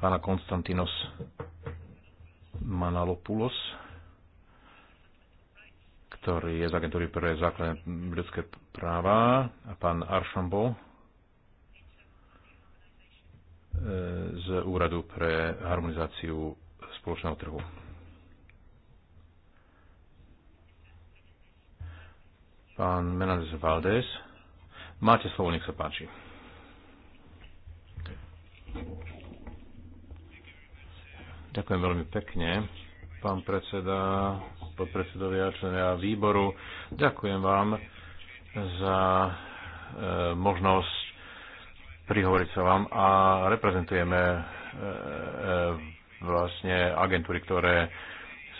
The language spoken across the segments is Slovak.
pána Konstantinos Manalopoulos, ktorý je z agentúry pre základné ľudské práva, a pán Aršambo e, z Úradu pre harmonizáciu spoločného trhu. Pán Menendez Valdés, máte slovo, nech sa páči. Thank you. Ďakujem veľmi pekne, pán predseda, podpredsedovia, členia výboru. Ďakujem vám za e, možnosť prihovoriť sa vám a reprezentujeme e, e, vlastne agentúry, ktoré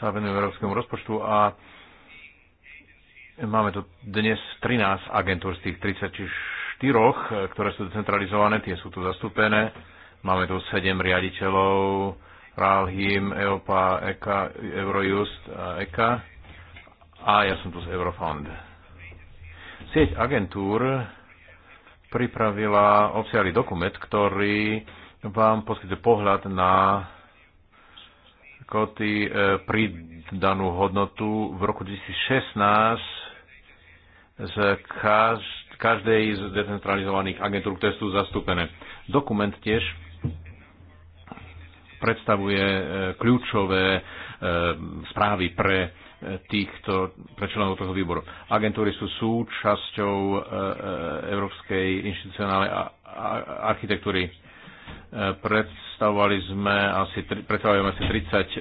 sa venujú európskemu rozpočtu a máme tu dnes 13 agentúr z tých 34, e, ktoré sú decentralizované, tie sú tu zastúpené. Máme tu 7 riaditeľov RALHIM, EOPA, EKA, Eurojust a EKA a ja som tu z Eurofond. Sieť agentúr pripravila obsiahly dokument, ktorý vám poskytuje pohľad na koty e, pridanú hodnotu v roku 2016 z každej z decentralizovaných agentúr, ktoré sú zastúpené. Dokument tiež predstavuje e, kľúčové e, správy pre e, týchto, pre členov tohto výboru. Agentúry sú súčasťou európskej inštitucionálnej architektúry. Predstavovali sme asi, predstavujeme asi 30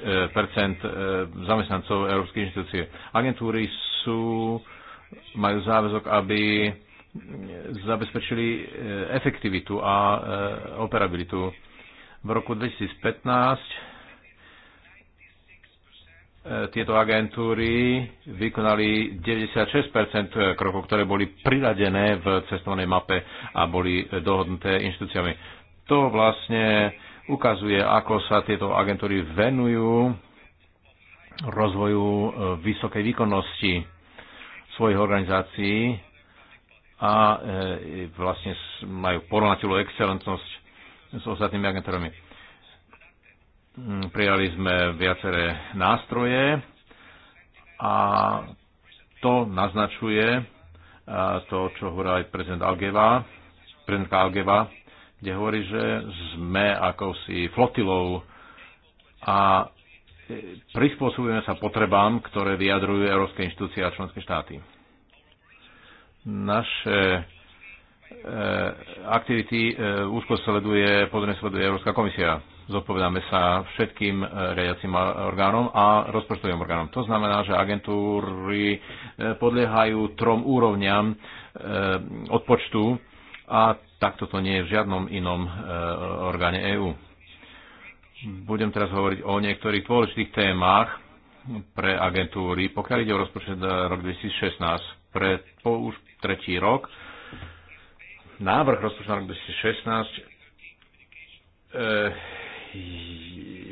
zamestnancov európskej inštitúcie. Agentúry sú, majú záväzok, aby zabezpečili efektivitu a operabilitu v roku 2015 e, tieto agentúry vykonali 96 krokov, ktoré boli priradené v cestovnej mape a boli dohodnuté inštitúciami. To vlastne ukazuje, ako sa tieto agentúry venujú rozvoju e, vysokej výkonnosti svojich organizácií a e, vlastne majú porovnateľnú excelentnosť s ostatnými agentúrami. Mm, prijali sme viaceré nástroje a to naznačuje to, čo hovorí aj prezident Algeva, prezidentka Algeva, kde hovorí, že sme akousi flotilou a e, prispôsobujeme sa potrebám, ktoré vyjadrujú európske inštitúcie a členské štáty. Naše e, aktivity e, úzko sleduje, pozorne sleduje Európska komisia zodpovedáme sa všetkým eh, riadiacim eh, orgánom a rozpočtovým orgánom. To znamená, že agentúry eh, podliehajú trom úrovňam odpočtu a takto to nie je v žiadnom inom orgáne EÚ. Budem teraz hovoriť o niektorých dôležitých témach pre agentúry. Pokiaľ ide o rozpočet rok 2016, pre po už tretí rok, návrh rozpočtu na rok 2016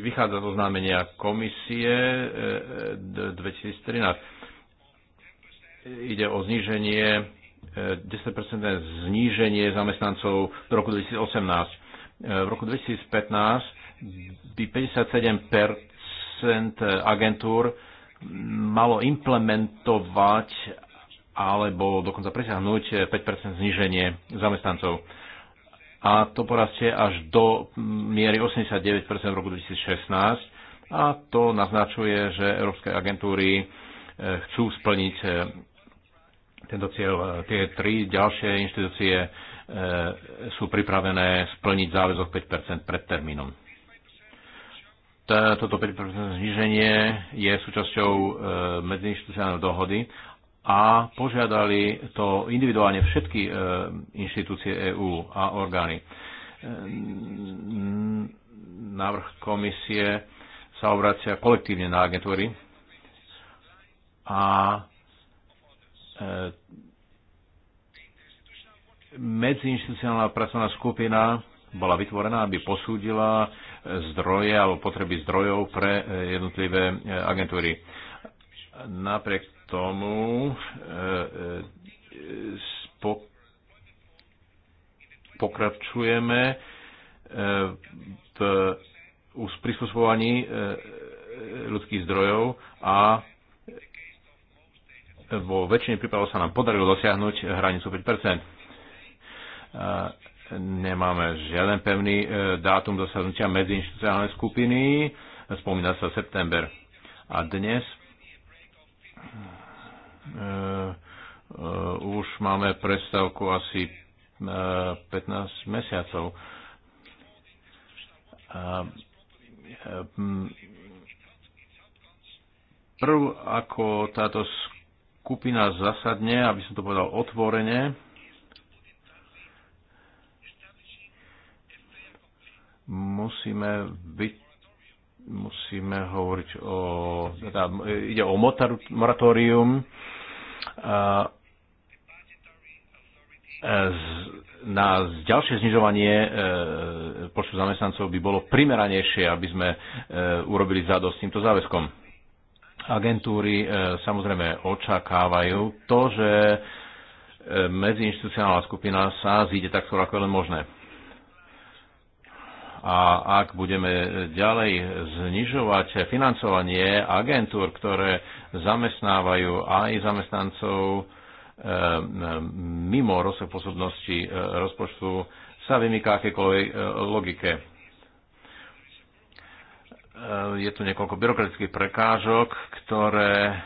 vychádza zo známenia komisie 2013. E, e, Ide o zníženie, 10% e, zníženie zamestnancov do roku 2018. V roku 2015 by 57% agentúr malo implementovať alebo dokonca presiahnuť 5% zníženie zamestnancov a to porastie až do mm, miery 89% v roku 2016 a to naznačuje, že európske agentúry e, chcú splniť e, tento cieľ. E, tie tri ďalšie inštitúcie sú pripravené splniť záväzok 5% pred termínom. Toto 5% zniženie je súčasťou medziinstitucionálnej dohody a požiadali to individuálne všetky e, inštitúcie EÚ a orgány. E, návrh komisie sa obracia kolektívne na agentúry a e, medziinstitucionálna pracovná skupina bola vytvorená, aby posúdila zdroje alebo potreby zdrojov pre jednotlivé agentúry. Napriek tomu e, e, e, pokračujeme v prispôsobovaní ľudských zdrojov a vo väčšine prípadov sa nám podarilo dosiahnuť hranicu 5 Nemáme žiaden pevný dátum dosiahnutia medziinstitucionálnej skupiny, spomína sa september. A dnes uh, už máme prestávku asi uh, e, 15 mesiacov. Uh, prv, ako táto skupina zasadne, aby som to povedal otvorene, musíme byť musíme hovoriť o, teda ide o moratórium e, na ďalšie znižovanie e, počtu zamestnancov by bolo primeranejšie, aby sme urobili e, urobili zadosť týmto záväzkom. Agentúry samozrejme očakávajú to, že e, medziinstitucionálna skupina sa zíde tak skoro ako len možné a ak budeme ďalej znižovať financovanie agentúr, ktoré zamestnávajú aj zamestnancov eh, mimo rozsah eh, rozpočtu, sa vymýka akékoľvek eh, logike. Je tu niekoľko byrokratických prekážok, ktoré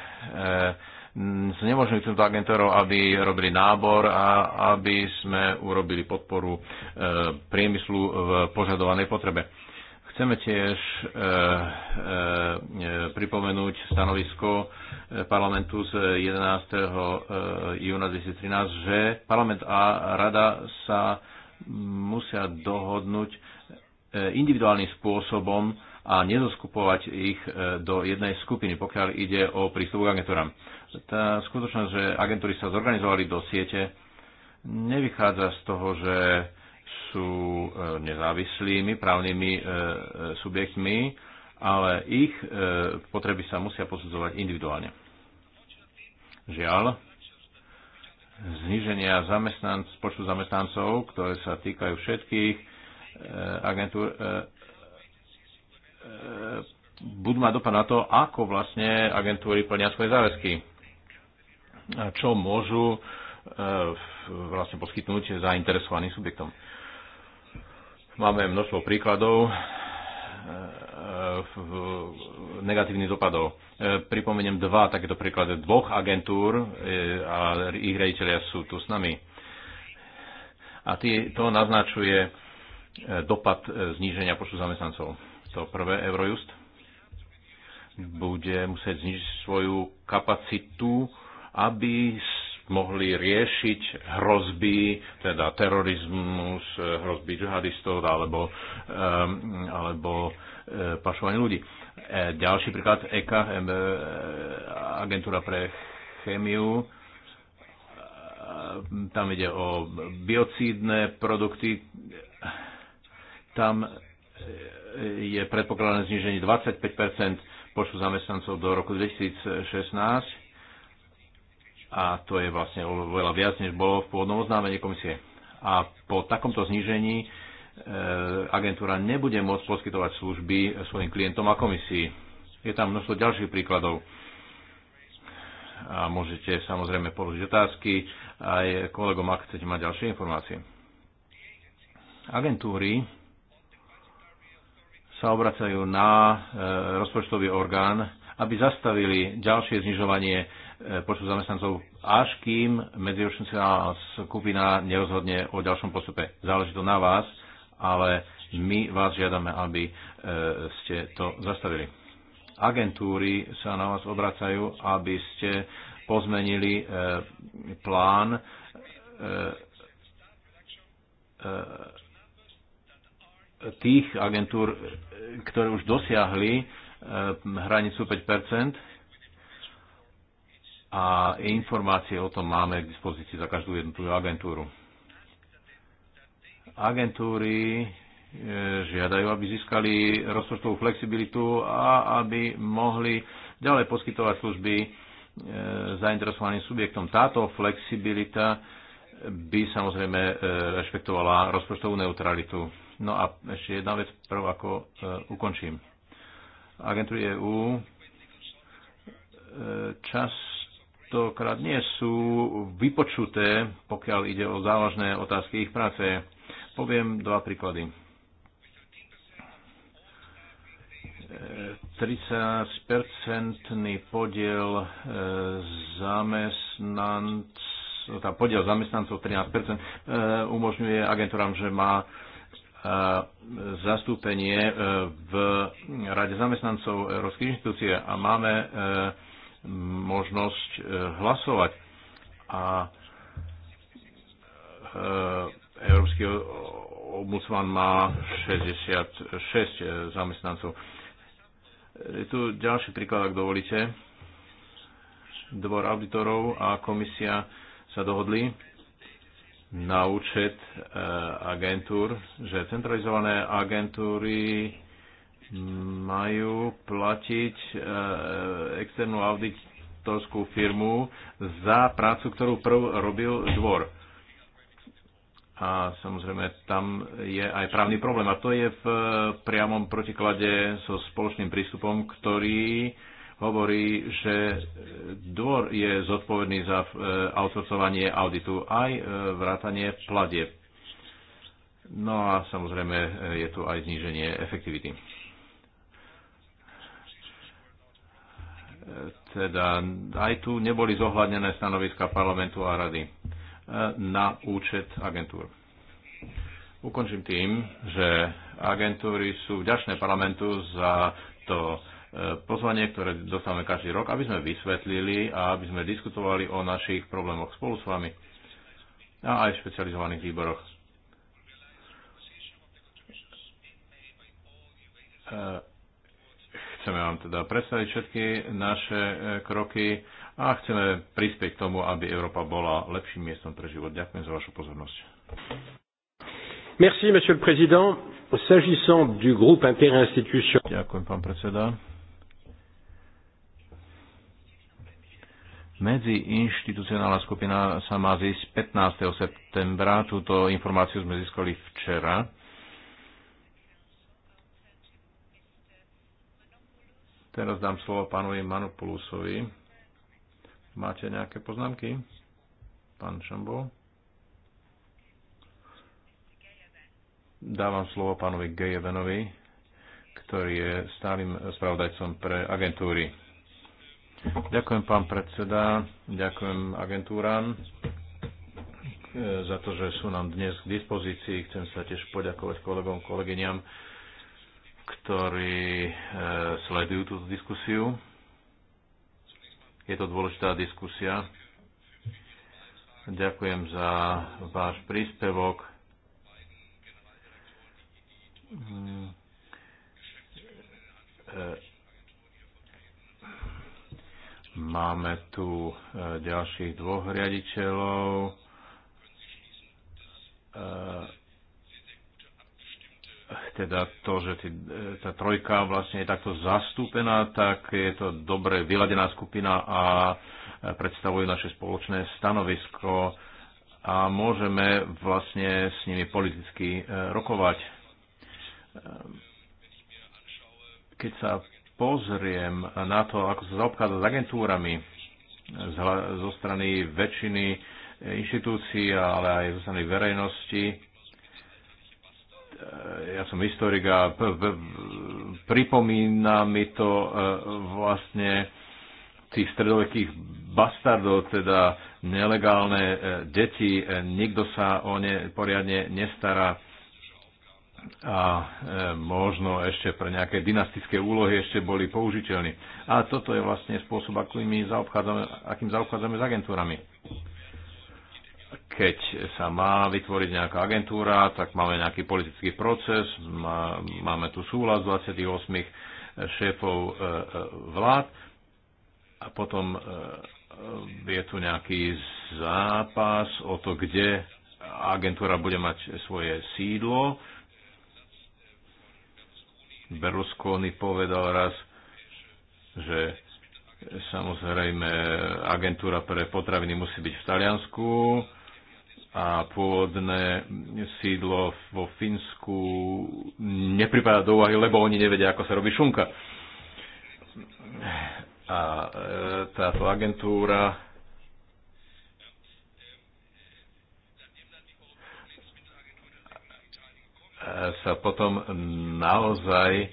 znemožňujú mm, túto agentúru, aby robili nábor a aby sme urobili podporu e, priemyslu v požadovanej potrebe. Chceme tiež e, e, pripomenúť stanovisko parlamentu z 11. júna 2013, že parlament a rada sa musia dohodnúť individuálnym spôsobom a nezoskupovať ich do jednej skupiny, pokiaľ ide o prístup k agentúram tá skutočnosť, že agentúry sa zorganizovali do siete, nevychádza z toho, že sú e, nezávislými právnymi e, e, subjektmi, ale ich potreby sa musia posudzovať individuálne. Žiaľ, zniženia zamestnanc, počtu zamestnancov, ktoré sa týkajú všetkých agentúr, budú mať dopad na to, ako vlastne agentúry plnia svoje záväzky čo môžu e, vlastne poskytnúť zainteresovaným subjektom. Máme množstvo príkladov e, e, negatívnych dopadov. Pripomeniem dva takéto príklady dvoch agentúr a ich rejiteľia sú tu s nami. A tý, to naznačuje dopad zníženia počtu zamestnancov. To prvé Eurojust bude musieť znižiť svoju kapacitu aby mohli riešiť hrozby, teda terorizmus, eh, hrozby džihadistov alebo, ehm, alebo eh, pašovanie ľudí. E, ďalší príklad EKA, eh, agentúra pre chémiu, e, tam ide o biocídne produkty, tam je predpokladané zniženie 25 počtu zamestnancov do roku 2016 a to je vlastne oveľa viac, než bolo v pôvodnom oznámení komisie. A po takomto znížení e, agentúra nebude môcť poskytovať služby svojim klientom a komisii. Je tam množstvo ďalších príkladov a môžete samozrejme položiť otázky aj kolegom, ak chcete mať ďalšie informácie. Agentúry sa obracajú na e, rozpočtový orgán, aby zastavili ďalšie znižovanie E, počtu zamestnancov, až kým medziročná skupina nerozhodne o ďalšom postupe. Záleží to na vás, ale my vás žiadame, aby e, ste to zastavili. Agentúry sa na vás obracajú, aby ste pozmenili e, plán tých agentúr, ktoré už dosiahli hranicu 5 a informácie o tom máme k dispozícii za každú tú agentúru. Agentúry e, žiadajú, aby získali rozpočtovú flexibilitu a aby mohli ďalej poskytovať služby e, zainteresovaným subjektom. Táto flexibilita by samozrejme e, rešpektovala rozpočtovú neutralitu. No a ešte jedna vec, prv ako ukončím. Agentúry EU. čas častokrát nie sú vypočuté, pokiaľ ide o závažné otázky ich práce. Poviem dva príklady. 30-percentný e, podiel e, zamestnancov tá podiel zamestnancov 13 e, umožňuje agentúram, že má zastúpenie v Rade zamestnancov Európskej inštitúcie a máme možnosť e, hlasovať. A e, Európsky ombudsman má 66 e, zamestnancov. Je tu ďalší príklad, ak dovolíte. Dvor auditorov a komisia sa dohodli na účet agentúr, že centralizované agentúry majú platiť e, externú auditorskú firmu za prácu, ktorú prv robil dvor. A samozrejme, tam je aj právny problém. A to je v e, priamom protiklade so spoločným prístupom, ktorý hovorí, že dvor je zodpovedný za e, outsourcovanie auditu aj vrátanie platieb. No a samozrejme je tu aj zníženie efektivity. teda aj tu neboli zohľadnené stanoviska parlamentu a rady e, na účet agentúr. Ukončím tým, že agentúry sú vďačné parlamentu za to e, pozvanie, ktoré dostávame každý rok, aby sme vysvetlili a aby sme diskutovali o našich problémoch spolu s vami a aj v špecializovaných výboroch. Uh, Chceme vám teda predstaviť všetky naše e, kroky a chceme prispieť k tomu, aby Európa bola lepším miestom pre život. Ďakujem za vašu pozornosť. Merci, monsieur le président. S'agissant du groupe interinstitution... Ďakujem, pán predseda. inštitucionálna skupina sa má zísť 15. septembra. Túto informáciu sme získali včera. Teraz dám slovo pánovi Manopulusovi. Máte nejaké poznámky? Pán Šambo? Dávam slovo pánovi Gejevenovi, ktorý je stálym spravodajcom pre agentúry. Ďakujem, pán predseda. Ďakujem agentúram e, za to, že sú nám dnes k dispozícii. Chcem sa tiež poďakovať kolegom, kolegyňam ktorí e, sledujú túto diskusiu. Je to dôležitá diskusia. Ďakujem za váš príspevok. Máme tu e, ďalších dvoch riaditeľov e, teda to, že tí, e, tá trojka vlastne je takto zastúpená, tak je to dobre vyladená skupina a e, predstavujú naše spoločné stanovisko a môžeme vlastne s nimi politicky e, rokovať. Ehm, keď sa pozriem na to, ako sa zaobchádza s agentúrami zo strany väčšiny inštitúcií, ale aj zo strany verejnosti, E, ja som historik a pripomína mi to e, vlastne tých stredovekých bastardov, teda nelegálne e, deti, nikto sa o ne poriadne nestará a možno ešte pre nejaké dynastické úlohy ešte boli použiteľní. A toto je vlastne spôsob, akým zaobchádzame, akým zaobchádzame s agentúrami keď sa má vytvoriť nejaká agentúra, tak máme nejaký politický proces, má, máme tu súhlas 28 šéfov e, e, vlád a potom e, je tu nejaký zápas o to, kde agentúra bude mať svoje sídlo. Berlusconi povedal raz, že samozrejme agentúra pre potraviny musí byť v Taliansku, a pôvodné sídlo vo Fínsku nepripadá do úvahy, lebo oni nevedia, ako sa robí šunka. A e, táto agentúra sa potom naozaj e,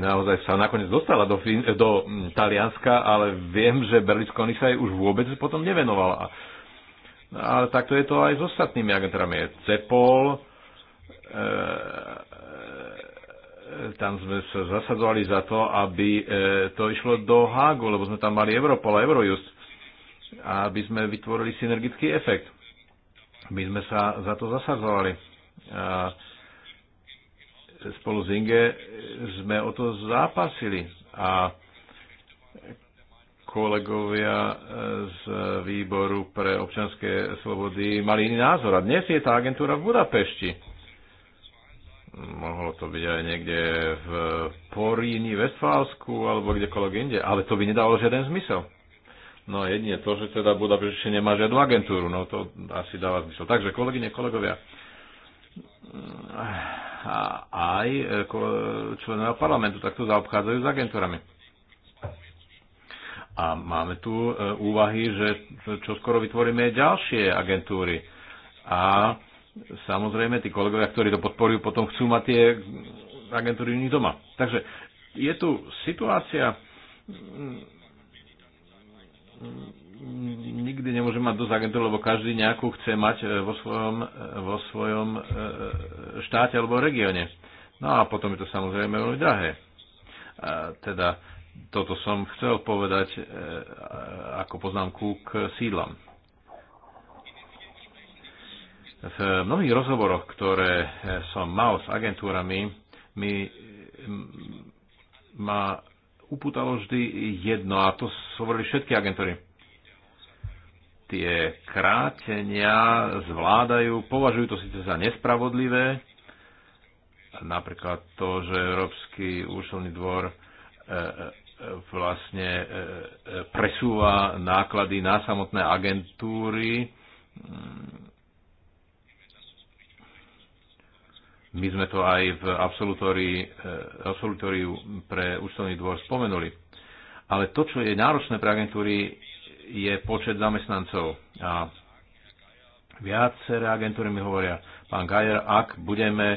naozaj sa nakoniec dostala do, do Talianska, ale viem, že Berlusconi sa jej už vôbec potom nevenoval. A ale takto je to aj s ostatnými agentúrami. Je CEPOL, e, tam sme sa zasadzovali za to, aby e, to išlo do Hágu, lebo sme tam mali Europol a Eurojust, aby sme vytvorili synergický efekt. My sme sa za to zasadzovali. A spolu s Inge sme o to zápasili. A kolegovia e, z výboru pre občanské slobody mali iný názor. A dnes je tá agentúra v Budapešti. Mohlo to byť aj niekde v Poríni, Vestfálsku alebo kdekoľvek inde, ale to by nedalo žiaden zmysel. No jedine to, že teda Budapešť nemá žiadnu agentúru, no to asi dáva zmysel. Takže kolegyne, kolegovia, a aj e, členovia parlamentu takto zaobchádzajú s agentúrami. A máme tu e, úvahy, že čo skoro vytvoríme ďalšie agentúry. A samozrejme, tí kolegovia, ktorí to podporujú, potom chcú mať tie agentúry u nich doma. Takže je tu situácia, mm, nikdy nemôže mať dosť agentúr, lebo každý nejakú chce mať e, vo svojom, e, vo svojom štáte alebo regióne. No a potom je to samozrejme veľmi drahé. A teda toto som chcel povedať e, ako poznámku k sídlam. V mnohých rozhovoroch, ktoré e, som mal s agentúrami, mi ma upútalo vždy jedno, a to hovorili všetky agentúry. Tie krátenia zvládajú, považujú to síce za nespravodlivé, napríklad to, že Európsky účelný dvor e, vlastne e, e, presúva náklady na samotné agentúry. My sme to aj v e, absolutóriu pre účtovný dvor spomenuli. Ale to, čo je náročné pre agentúry, je počet zamestnancov. A viaceré agentúry mi hovoria, pán Gajer, ak budeme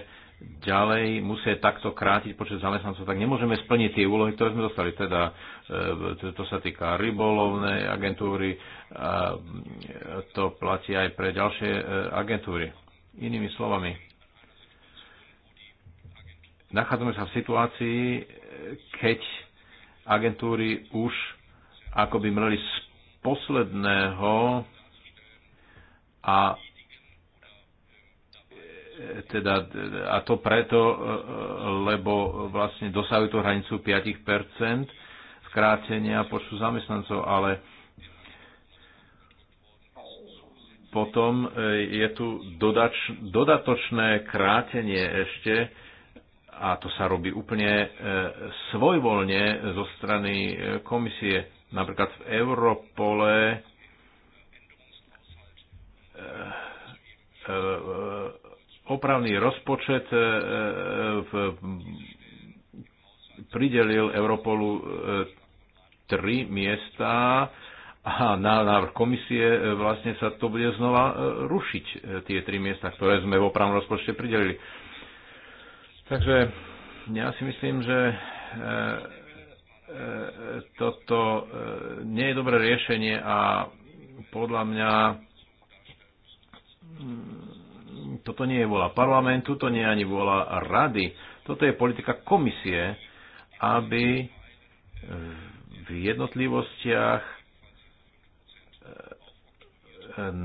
ďalej musia takto krátiť počet zamestnancov, tak nemôžeme splniť tie úlohy, ktoré sme dostali. Teda e, to sa týka rybolovnej agentúry, a to platí aj pre ďalšie e, agentúry. Inými slovami, nachádzame sa v situácii, keď agentúry už akoby mreli z posledného a teda, a to preto, e, lebo vlastne dosahujú tú hranicu 5% skrátenia počtu zamestnancov, ale potom e, je tu dodač, dodatočné krátenie ešte a to sa robí úplne e, svojvoľne zo strany komisie. Napríklad v Europole opravný rozpočet e, e, v, pridelil Europolu e, tri miesta a na návrh komisie vlastne sa to bude znova rušiť, tie tri miesta, ktoré sme v opravnom rozpočte pridelili. Takže ja si myslím, že toto nie je dobré riešenie a podľa mňa mm, toto nie je vôľa parlamentu, to nie je ani vôľa rady. Toto je politika komisie, aby e, v jednotlivostiach e, e,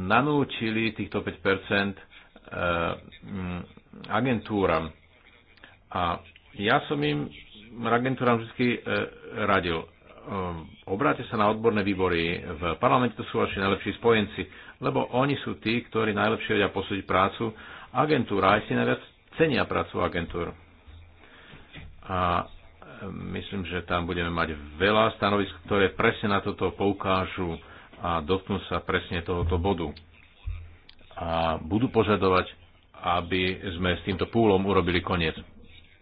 nanúčili týchto 5 mm, agentúram. A ja som im agentúram vždy radil, Ehm, obráte sa na odborné výbory. V parlamente to sú vaši najlepší spojenci, lebo oni sú tí, ktorí najlepšie vedia posúdiť prácu agentúr aj si najviac cenia prácu agentúr. A ehm, myslím, že tam budeme mať veľa stanovisk, ktoré presne na toto poukážu a dotknú sa presne tohoto bodu. A budú požadovať, aby sme s týmto púlom urobili koniec.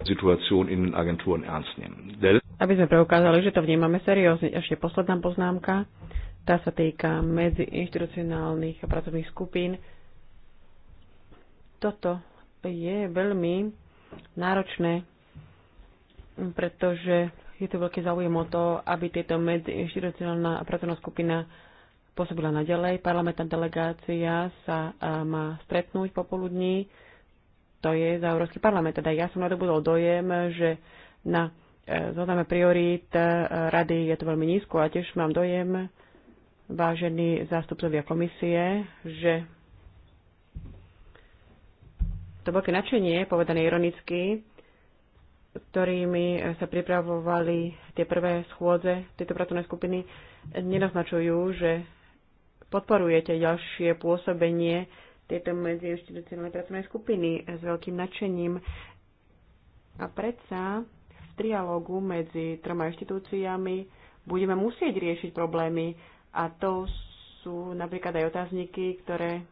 Situáciu in den ernst nehmen aby sme preukázali, že to vnímame seriózne. Ešte posledná poznámka, tá sa týka medziinstitucionálnych a pracovných skupín. Toto je veľmi náročné, pretože je tu veľký záujem o to, aby tieto medziinstitucionálna a pracovná skupina pôsobila naďalej. Parlamentná delegácia sa má stretnúť popoludní. To je za Európsky parlament. Teda ja som nadobudol dojem, že na zozname priorít e, rady je to veľmi nízko a tiež mám dojem, vážení zástupcovia komisie, že to veľké nadšenie, povedané ironicky, ktorými sa pripravovali tie prvé schôdze tejto pracovnej skupiny, nenaznačujú, že podporujete ďalšie pôsobenie tejto medziinstitucionálnej pracovnej skupiny s veľkým nadšením. A predsa trialógu medzi troma inštitúciami budeme musieť riešiť problémy a to sú napríklad aj otázniky, ktoré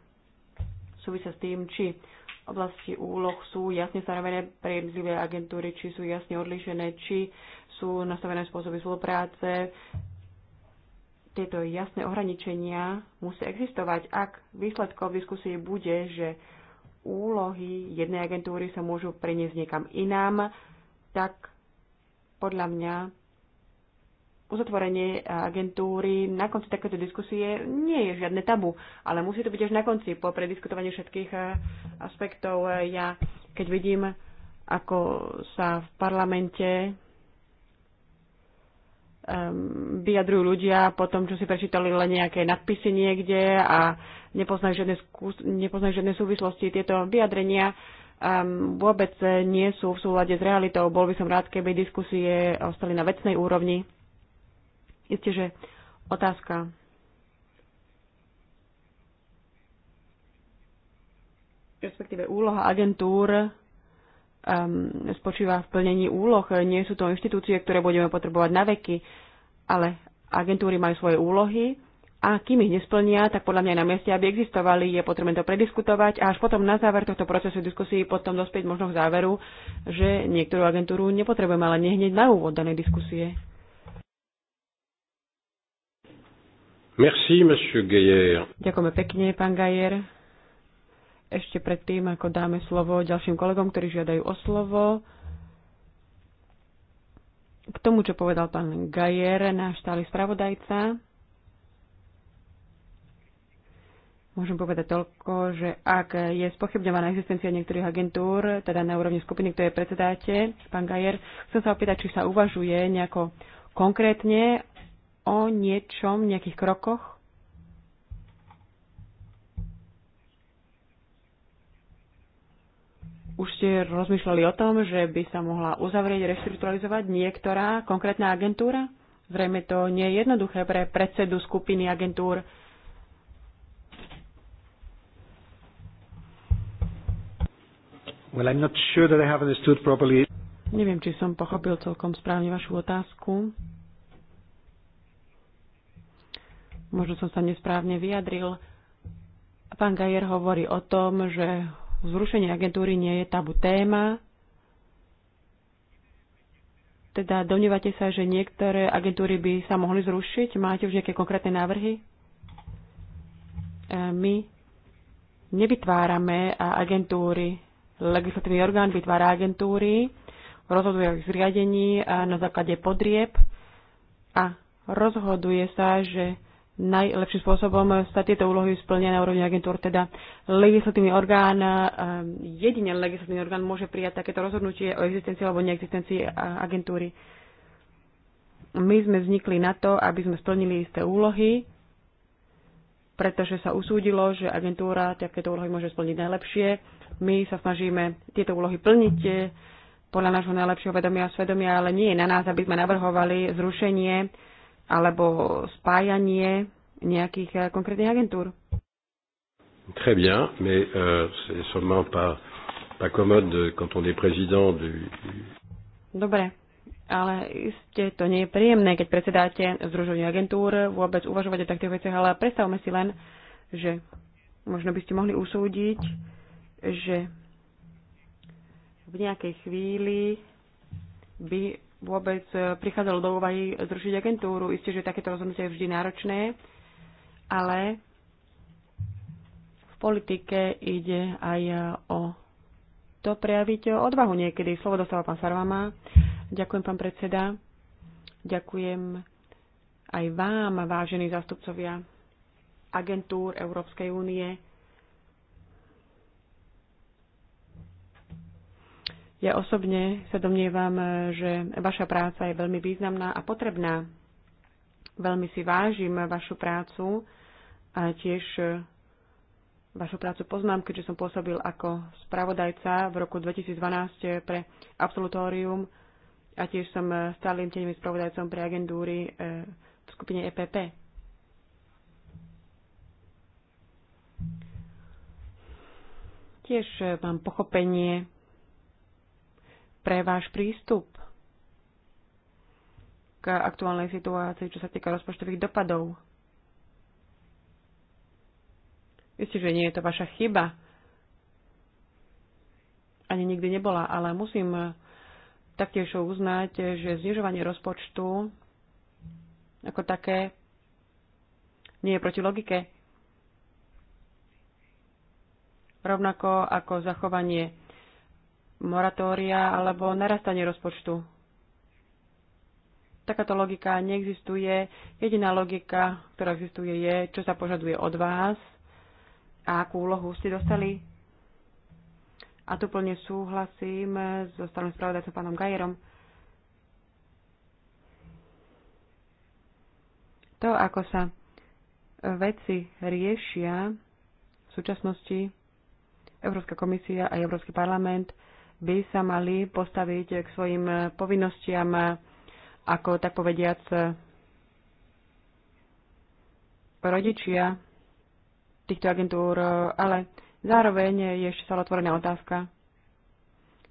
súvisia s tým, či oblasti úloh sú jasne stanovené pre jednotlivé agentúry, či sú jasne odlišené, či sú nastavené spôsoby spolupráce. Tieto jasné ohraničenia musia existovať, ak výsledkom diskusie bude, že úlohy jednej agentúry sa môžu preniesť niekam inám, tak podľa mňa uzatvorenie agentúry na konci takéto diskusie nie je žiadne tabu, ale musí to byť až na konci, po prediskutovaní všetkých eh, aspektov. Eh, ja, keď vidím, ako sa v parlamente ehm, vyjadrujú ľudia po tom, čo si prečítali len nejaké nadpisy niekde a nepoznajú žiadne, skús- nepoznajú žiadne súvislosti. Tieto vyjadrenia um, vôbec nie sú v súlade s realitou. Bol by som rád, keby diskusie ostali na vecnej úrovni. Isté, že otázka. respektíve úloha agentúr um, spočíva v plnení úloh. Nie sú to inštitúcie, ktoré budeme potrebovať na veky, ale agentúry majú svoje úlohy a kým ich nesplnia, tak podľa mňa aj na mieste, aby existovali, je potrebné to prediskutovať a až potom na záver tohto procesu diskusí potom dospieť možno k záveru, že niektorú agentúru nepotrebujeme, ale nehneď na úvod danej diskusie. Merci, monsieur Geyer. Ďakujeme pekne, pán Gajer. Ešte predtým, ako dáme slovo ďalším kolegom, ktorí žiadajú o slovo, k tomu, čo povedal pán Gajer, náš stály spravodajca, Môžem povedať toľko, že ak je spochybňovaná existencia niektorých agentúr, teda na úrovni skupiny, ktoré predsedáte, pán Gajer, chcem sa opýtať, či sa uvažuje nejako konkrétne o niečom, nejakých krokoch? Už ste rozmýšľali o tom, že by sa mohla uzavrieť, reštrukturalizovať niektorá konkrétna agentúra? Zrejme to nie je jednoduché pre predsedu skupiny agentúr Well, I'm not sure that I have understood properly. Neviem, či som pochopil celkom správne vašu otázku. Možno som sa nesprávne vyjadril. Pán Gajer hovorí o tom, že zrušenie agentúry nie je tabu téma. Teda domnívate sa, že niektoré agentúry by sa mohli zrušiť? Máte už nejaké konkrétne návrhy? E, my nevytvárame agentúry. Legislatívny orgán vytvára agentúry, rozhoduje o ich zriadení na základe podrieb a rozhoduje sa, že najlepším spôsobom sa tieto úlohy splnia na úrovni agentúr. Teda legislatívny orgán, jedine legislatívny orgán môže prijať takéto rozhodnutie o existencii alebo neexistencii agentúry. My sme vznikli na to, aby sme splnili isté úlohy, pretože sa usúdilo, že agentúra takéto úlohy môže splniť najlepšie my sa snažíme tieto úlohy plniť eh, podľa nášho najlepšieho vedomia a svedomia, ale nie je na nás, aby sme navrhovali zrušenie alebo spájanie nejakých eh, konkrétnych agentúr. Très bien, mais euh, c'est sûrement pas, pas commode quand on est président du... Dobre, ale iste to nie je príjemné, keď predsedáte združeniu agentúr, vôbec uvažovať o takých veciach, ale predstavme si len, že možno by ste mohli usúdiť, že v nejakej chvíli by vôbec e, prichádzalo do úvahy zrušiť agentúru. Isté, že takéto rozhodnutie je vždy náročné, ale v politike ide aj o to prejaviť odvahu niekedy. Slovo dostáva pán Sarvama. Ďakujem, pán predseda. Ďakujem aj vám, vážení zástupcovia agentúr Európskej únie. Ja osobne sa domnievam, e, že vaša práca je veľmi významná a potrebná. Veľmi si vážim vašu prácu a tiež e, vašu prácu poznám, keďže som pôsobil ako spravodajca v roku 2012 e, pre absolutórium a tiež som stálym tenimi spravodajcom pre agendúry v skupine EPP. Tiež mám pochopenie pre váš prístup k aktuálnej situácii, čo sa týka rozpočtových dopadov. Isté, že nie je to vaša chyba. Ani nikdy nebola, ale musím taktiež uznať, že znižovanie rozpočtu ako také nie je proti logike. Rovnako ako zachovanie moratória alebo narastanie rozpočtu. Takáto logika neexistuje. Jediná logika, ktorá existuje, je, čo sa požaduje od vás a akú úlohu ste dostali. A tu plne súhlasím so stálym spravodajcom pánom Gajerom. To, ako sa veci riešia v súčasnosti Európska komisia a Európsky parlament by sa mali postaviť k svojim povinnostiam ako tak povediac rodičia týchto agentúr, ale zároveň je ešte stále otvorená otázka,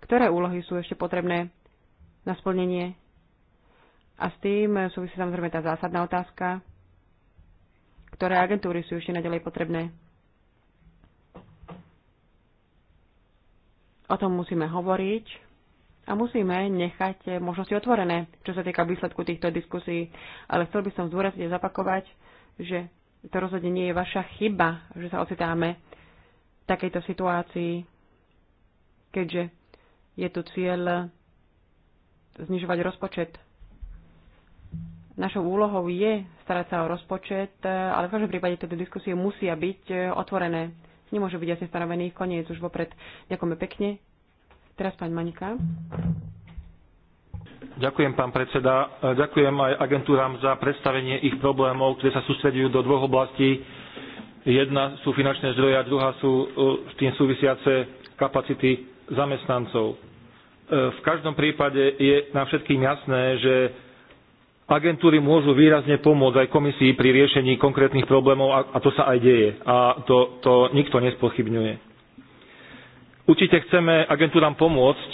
ktoré úlohy sú ešte potrebné na splnenie. A s tým súvisí samozrejme tá zásadná otázka, ktoré agentúry sú ešte nadalej potrebné. O tom musíme hovoriť a musíme nechať možnosti otvorené, čo sa týka výsledku týchto diskusí. Ale chcel by som zúrazne zapakovať, že to rozhodne nie je vaša chyba, že sa ocitáme v takejto situácii, keďže je tu cieľ znižovať rozpočet. Našou úlohou je starať sa o rozpočet, ale v každom prípade tieto diskusie musia byť otvorené nemôže byť jasne stanovený koniec už vopred. Ďakujeme pekne. Teraz pán Manika. Ďakujem, pán predseda. E, ďakujem aj agentúram za predstavenie ich problémov, ktoré sa sústredujú do dvoch oblastí. Jedna sú finančné zdroje a druhá sú e, s tým súvisiace kapacity zamestnancov. E, v každom prípade je nám všetkým jasné, že Agentúry môžu výrazne pomôcť aj komisii pri riešení konkrétnych problémov a, to sa aj deje. A to, to nikto nespochybňuje. Určite chceme agentúram pomôcť,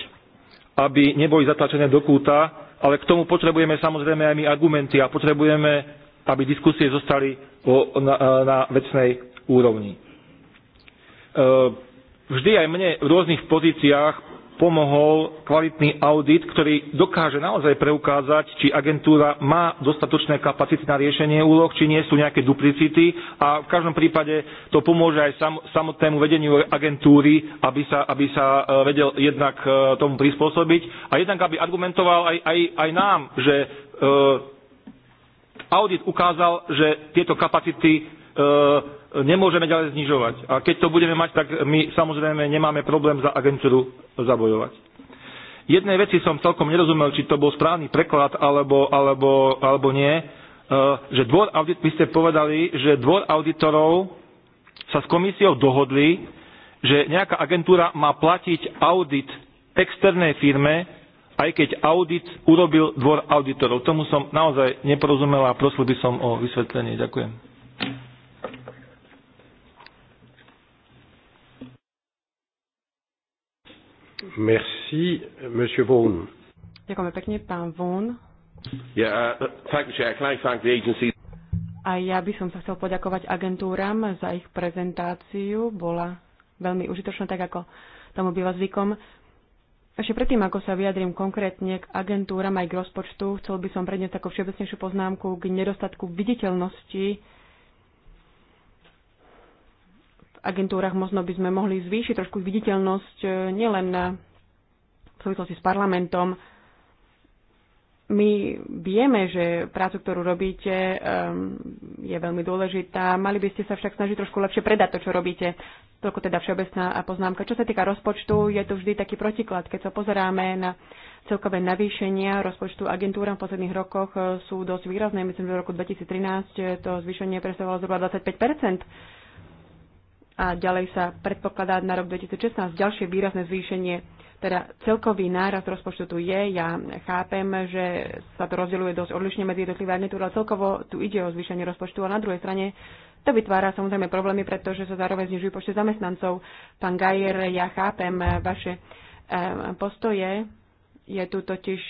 aby neboli zatlačené do kúta, ale k tomu potrebujeme samozrejme aj my argumenty a potrebujeme, aby diskusie zostali na, na vecnej úrovni. E, vždy aj mne v rôznych pozíciách pomohol kvalitný audit, ktorý dokáže naozaj preukázať, či agentúra má dostatočné kapacity na riešenie úloh, či nie sú nejaké duplicity a v každom prípade to pomôže aj sam, samotnému vedeniu agentúry, aby sa, aby sa e, vedel jednak e, tomu prispôsobiť a jednak aby argumentoval aj, aj, aj nám, že uh, audit ukázal, že tieto kapacity uh, nemôžeme ďalej znižovať. A keď to budeme mať, tak my samozrejme nemáme problém za agentúru zabojovať. Jednej veci som celkom nerozumel, či to bol správny preklad alebo, alebo, alebo nie, e, že dvor audit, vy ste povedali, že dvor auditorov sa s komisiou dohodli, že nejaká agentúra má platiť audit externej firme, aj keď audit urobil dvor auditorov. Tomu som naozaj neporozumel a prosil by som o vysvetlenie. Ďakujem. Merci, monsieur Vaughan. Ďakujem pekne, pán Vaughan. Yeah, uh, thank you, Chair. Can I thank the agency? A ja by som sa chcel poďakovať agentúram za ich prezentáciu. Bola veľmi užitočná, tak ako tomu býva zvykom. Ešte predtým, ako sa vyjadrím konkrétne k agentúram aj k rozpočtu, chcel by som predniesť takú všeobecnejšiu poznámku k nedostatku viditeľnosti agentúrach možno by sme mohli zvýšiť trošku viditeľnosť e, nielen e, v súvislosti s parlamentom. My vieme, že prácu, ktorú robíte, e, je veľmi dôležitá. Mali by ste sa však snažiť trošku lepšie predať to, čo robíte. Toľko teda všeobecná poznámka. Čo sa týka rozpočtu, je to vždy taký protiklad. Keď sa pozeráme na celkové navýšenia rozpočtu agentúram v posledných rokoch sú dosť výrazné. Myslím, že v roku 2013 to zvýšenie predstavovalo zhruba 25 a ďalej sa predpokladá na rok 2016 ďalšie výrazné zvýšenie. Teda celkový nárast rozpočtu tu je, ja chápem, že sa to rozdeľuje dosť odlišne medzi jednotlivé agentúry, ale celkovo tu ide o zvýšenie rozpočtu a na druhej strane to vytvára samozrejme problémy, pretože sa zároveň znižujú počty zamestnancov. Pán Gajer, ja chápem vaše eh, postoje. Je tu totiž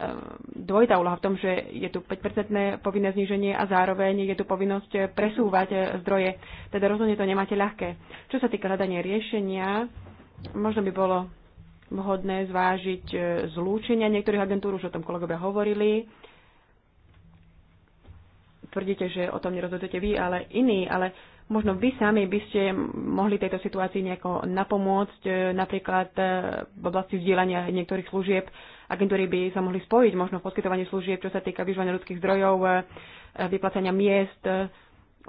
Ehm, dvojitá úloha v tom, že je tu 5-percentné povinné zníženie a zároveň je tu povinnosť presúvať eh, zdroje. Teda rozhodne to nemáte ľahké. Čo sa týka hľadania riešenia, možno by bolo vhodné zvážiť eh, zlúčenia niektorých agentúr, už o tom kolegovia hovorili. Tvrdíte, že o tom nerozhodujete vy, ale iní, ale možno vy sami by ste mohli tejto situácii nejako napomôcť, eh, napríklad v oblasti vzdielania niektorých služieb agentúry by sa mohli spojiť možno v poskytovaní služieb, čo sa týka využívania ľudských zdrojov, e, vyplacania miest, e,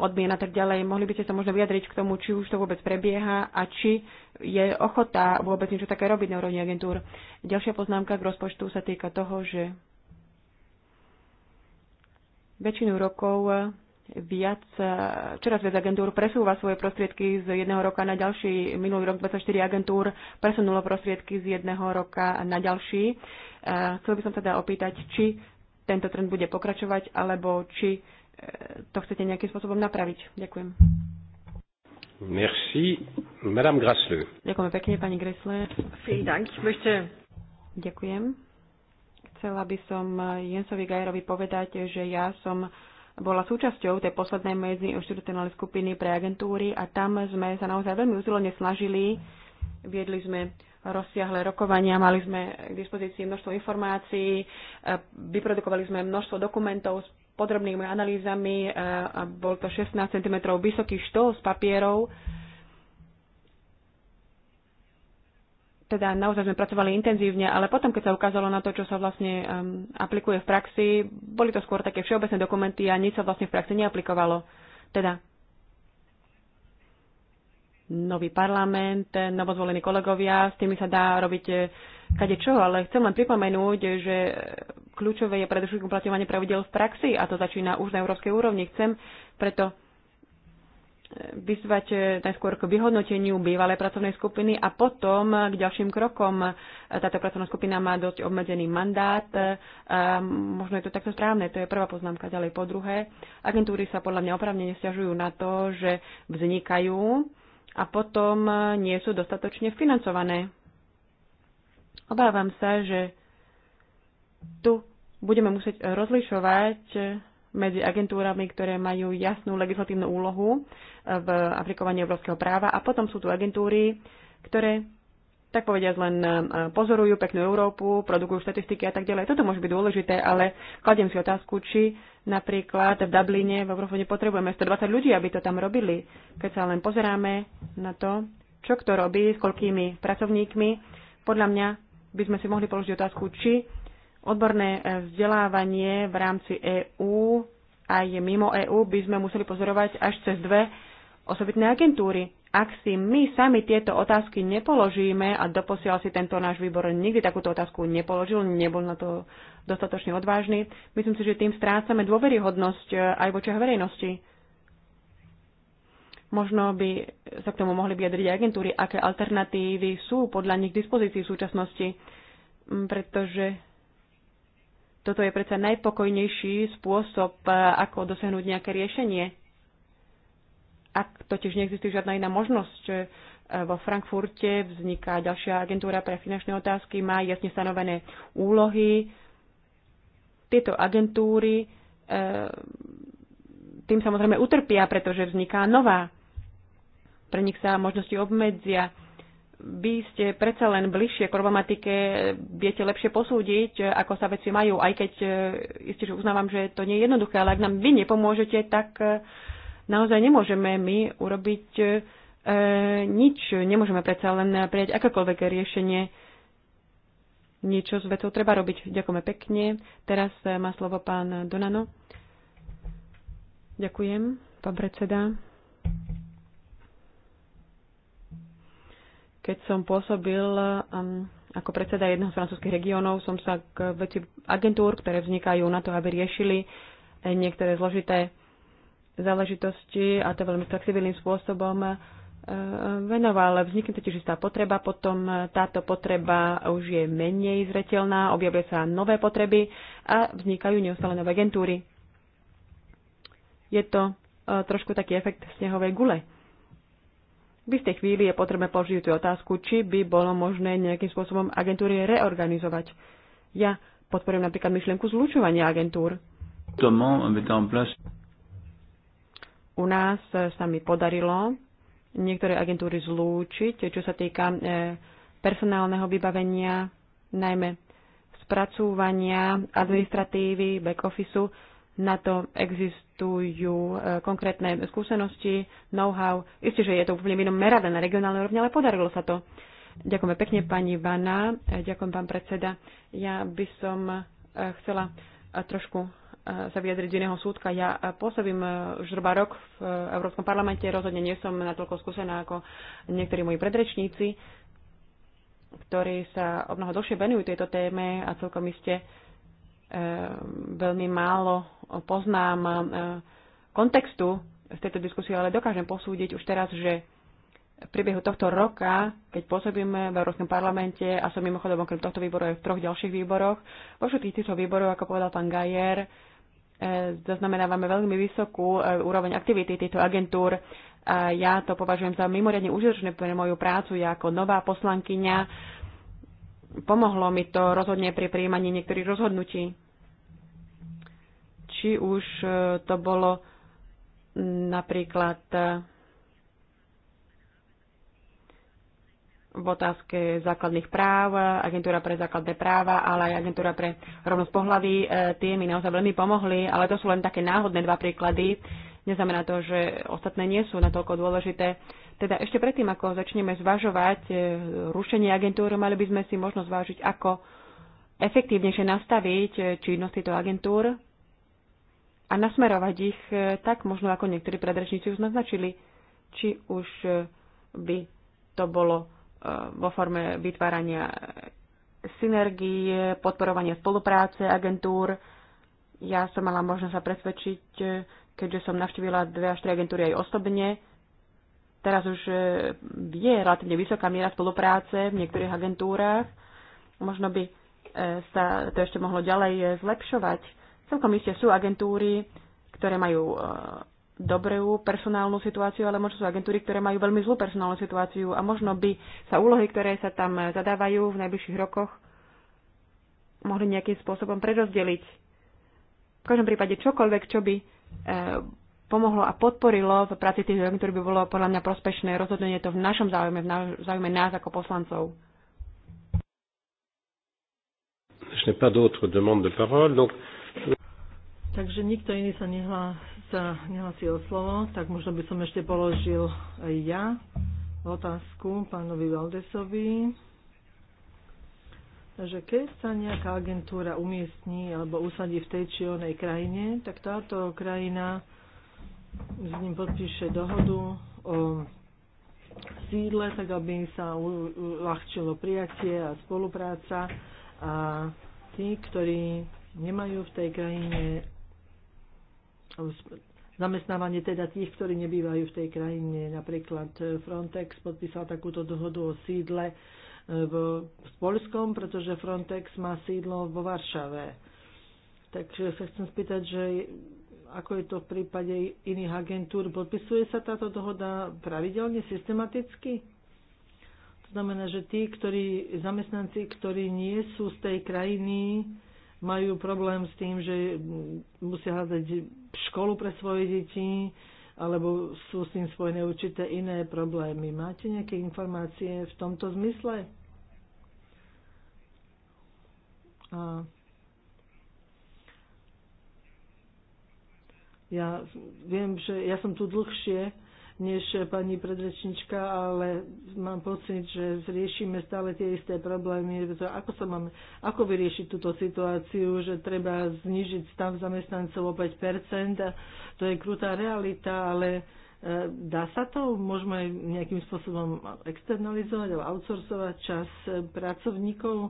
odmien a tak ďalej. Mohli by ste sa možno vyjadriť k tomu, či už to vôbec prebieha a či je ochota vôbec niečo také robiť na úrovni agentúr. Ďalšia poznámka k rozpočtu sa týka toho, že väčšinu rokov e, viac, e, čoraz viac agentúr presúva svoje prostriedky z jedného roka na ďalší. Minulý rok 24 agentúr presunulo prostriedky z jedného roka na ďalší. E, chcel by som teda opýtať, či tento trend bude pokračovať, alebo či e, to chcete nejakým spôsobom napraviť. Ďakujem. Merci, Madame Grasle. Ďakujem pekne, pani Grasle. Ďakujem. Chcela by som Jensovi Gajerovi povedať, že ja som bola súčasťou tej poslednej inštitucionálnej skupiny pre agentúry a tam sme sa naozaj veľmi úzilovne snažili. Viedli sme rozsiahle rokovania, mali sme k dispozícii množstvo informácií, e, vyprodukovali sme množstvo dokumentov s podrobnými analýzami, e, bol to 16 cm vysoký štol z papierov, teda naozaj sme pracovali intenzívne, ale potom, keď sa ukázalo na to, čo sa vlastne um, aplikuje v praxi, boli to skôr také všeobecné dokumenty a nič sa vlastne v praxi neaplikovalo. Teda nový parlament, novozvolení kolegovia, s tými sa dá robiť eh, kade čo, ale chcem len pripomenúť, že kľúčové je predovšetkým uplatňovanie pravidel v praxi a to začína už na európskej úrovni. Chcem preto vyzvať eh, najskôr k vyhodnoteniu bývalej pracovnej skupiny a potom eh, k ďalším krokom. Eh, táto pracovná skupina má dosť obmedzený mandát. Možno je to takto správne, to je prvá poznámka. Ďalej po druhé, agentúry sa podľa mňa opravne nesťažujú na to, že vznikajú a potom nie sú dostatočne financované. Obávam sa, že tu budeme musieť rozlišovať medzi agentúrami, ktoré majú jasnú legislatívnu úlohu e, v aplikovaní európskeho práva a potom sú tu agentúry, ktoré tak povediať len e, pozorujú peknú Európu, produkujú štatistiky a tak ďalej. Toto môže byť dôležité, ale kladiem si otázku, či napríklad v Dubline, v Eurofone potrebujeme 120 ľudí, aby to tam robili. Keď sa len pozeráme na to, čo kto robí, s koľkými pracovníkmi, podľa mňa by sme si mohli položiť otázku, či Odborné e, vzdelávanie v rámci EÚ aj mimo EÚ by sme museli pozorovať až cez dve osobitné agentúry. Ak si my sami tieto otázky nepoložíme a doposiaľ si tento náš výbor nikdy takúto otázku nepoložil, nebol na to dostatočne odvážny, myslím si, že tým strácame dôveryhodnosť e, aj voči verejnosti. Možno by sa k tomu mohli vyjadriť agentúry, aké alternatívy sú podľa nich k dispozícii v súčasnosti, pretože toto je predsa najpokojnejší spôsob, eh, ako dosiahnuť nejaké riešenie. Ak totiž neexistuje žiadna iná možnosť, eh, vo Frankfurte vzniká ďalšia agentúra pre finančné otázky, má jasne stanovené úlohy. Tieto agentúry eh, tým samozrejme utrpia, pretože vzniká nová. Pre nich sa možnosti obmedzia by ste predsa len bližšie k problematike viete lepšie posúdiť, e, ako sa veci majú, aj keď e, isté, že uznávam, že to nie je jednoduché, ale ak nám vy nepomôžete, tak e, naozaj nemôžeme my urobiť e, nič. Nemôžeme predsa len prijať akékoľvek riešenie. Niečo s vecou treba robiť. Ďakujeme pekne. Teraz má slovo pán Donano. Ďakujem, pán predseda. Keď som pôsobil um, ako predseda jedného z francúzských regiónov, som sa k veci agentúr, ktoré vznikajú na to, aby riešili eh, niektoré zložité záležitosti a to veľmi flexibilným spôsobom eh, venoval. Vznikne totiž istá potreba, potom eh, táto potreba už je menej zretelná, objavia sa nové potreby a vznikajú neustále nové agentúry. Je to trošku taký efekt snehovej gule. V tej chvíli je potrebné položiť tú otázku, či by bolo možné nejakým spôsobom agentúry reorganizovať. Ja podporujem napríklad myšlienku zlučovania agentúr. U nás sa mi podarilo niektoré agentúry zlúčiť, čo sa týka e, personálneho vybavenia, najmä spracúvania, administratívy, back-officeu na to existujú e, konkrétne skúsenosti, know-how. Isté, že je to úplne inom merade na regionálnej úrovni, ale podarilo sa to. Ďakujeme pekne pani Vana, e, ďakujem pán predseda. Ja by som e, chcela trošku sa vyjadriť z iného súdka. Ja pôsobím už zhruba rok v Európskom parlamente, rozhodne nie som natoľko skúsená ako niektorí moji predrečníci, ktorí sa o mnoho dlhšie venujú tejto téme a celkom iste Ehm, veľmi málo poznám ehm, kontextu z tejto diskusie, ale dokážem posúdiť už teraz, že v priebehu tohto roka, keď pôsobíme v Európskom parlamente a som mimochodom okrem tohto výboru aj v troch ďalších výboroch, vo všetkých týchto výborov, ako povedal pán Gajer, ehm, zaznamenávame veľmi vysokú e, úroveň aktivity týchto agentúr. A ja to považujem za mimoriadne užitočné pre moju prácu. Ja ako nová poslankyňa Pomohlo mi to rozhodne pri príjmaní niektorých rozhodnutí. Či už e, to bolo napríklad e, v otázke základných práv, agentúra pre základné práva, ale aj agentúra pre rovnosť pohľavy, e, tie mi naozaj veľmi pomohli, ale to sú len také náhodné dva príklady. Neznamená to, že ostatné nie sú natoľko dôležité. Teda ešte predtým, ako začneme zvažovať e, rušenie agentúry, mali by sme si možno zvážiť, ako efektívnejšie nastaviť e, činnosť týchto agentúr a nasmerovať ich e, tak, možno ako niektorí predrečníci už naznačili, či už by to bolo vo forme vytvárania synergií, podporovania spolupráce agentúr. Ja som mala možnosť sa presvedčiť, keďže som navštívila dve až tri agentúry aj osobne, teraz už e, je relatívne vysoká miera spolupráce v niektorých agentúrach. Možno by e, sa to ešte mohlo ďalej e, zlepšovať. Celkom iste sú agentúry, ktoré majú dobrú personálnu situáciu, ale možno sú agentúry, ktoré majú veľmi zlú personálnu situáciu a možno by sa úlohy, ktoré sa tam zadávajú v najbližších rokoch, mohli nejakým spôsobom prerozdeliť. V každom prípade čokoľvek, čo by pomohlo a podporilo v práci tých ktoré by bolo podľa mňa prospešné. Rozhodnenie je to v našom záujme, v záujme nás ako poslancov. Takže nikto iný sa nehlasí o slovo, tak možno by som ešte položil aj ja otázku pánovi Valdesovi. Takže keď sa nejaká agentúra umiestní alebo usadí v tej či onej krajine, tak táto krajina s ním podpíše dohodu o sídle, tak aby sa uľahčilo prijatie a spolupráca a tí, ktorí nemajú v tej krajine zamestnávanie teda tých, ktorí nebývajú v tej krajine. Napríklad Frontex podpísal takúto dohodu o sídle e, v, v Polskom, pretože Frontex má sídlo vo Varšave. Takže sa chcem spýtať, že ako je to v prípade iných agentúr. Podpisuje sa táto dohoda pravidelne, systematicky? To znamená, že tí, ktorí, zamestnanci, ktorí nie sú z tej krajiny, majú problém s tým, že musia hľadať školu pre svoje deti, alebo sú s tým spojené určité iné problémy. Máte nejaké informácie v tomto zmysle? A Ja viem, že ja som tu dlhšie než pani predrečnička, ale mám pocit, že riešime stále tie isté problémy. Ako, sa máme, ako vyriešiť túto situáciu, že treba znižiť stav zamestnancov o 5%? To je krutá realita, ale e, Dá sa to? Môžeme nejakým spôsobom externalizovať alebo outsourcovať čas e, pracovníkov,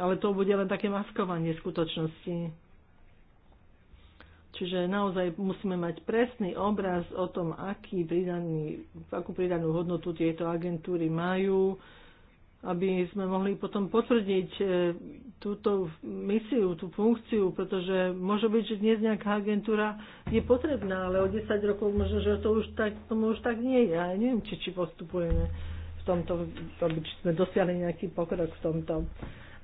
ale to bude len také maskovanie skutočnosti. Čiže naozaj musíme mať presný obraz o tom, aký pridaný, akú pridanú hodnotu tieto agentúry majú, aby sme mohli potom potvrdiť e, túto misiu, tú funkciu, pretože môže byť, že dnes nejaká agentúra je potrebná, ale o 10 rokov možno, že to už tak, tomu už tak nie je. Ja neviem, či, či postupujeme v tomto, aby či sme dosiahli nejaký pokrok v tomto.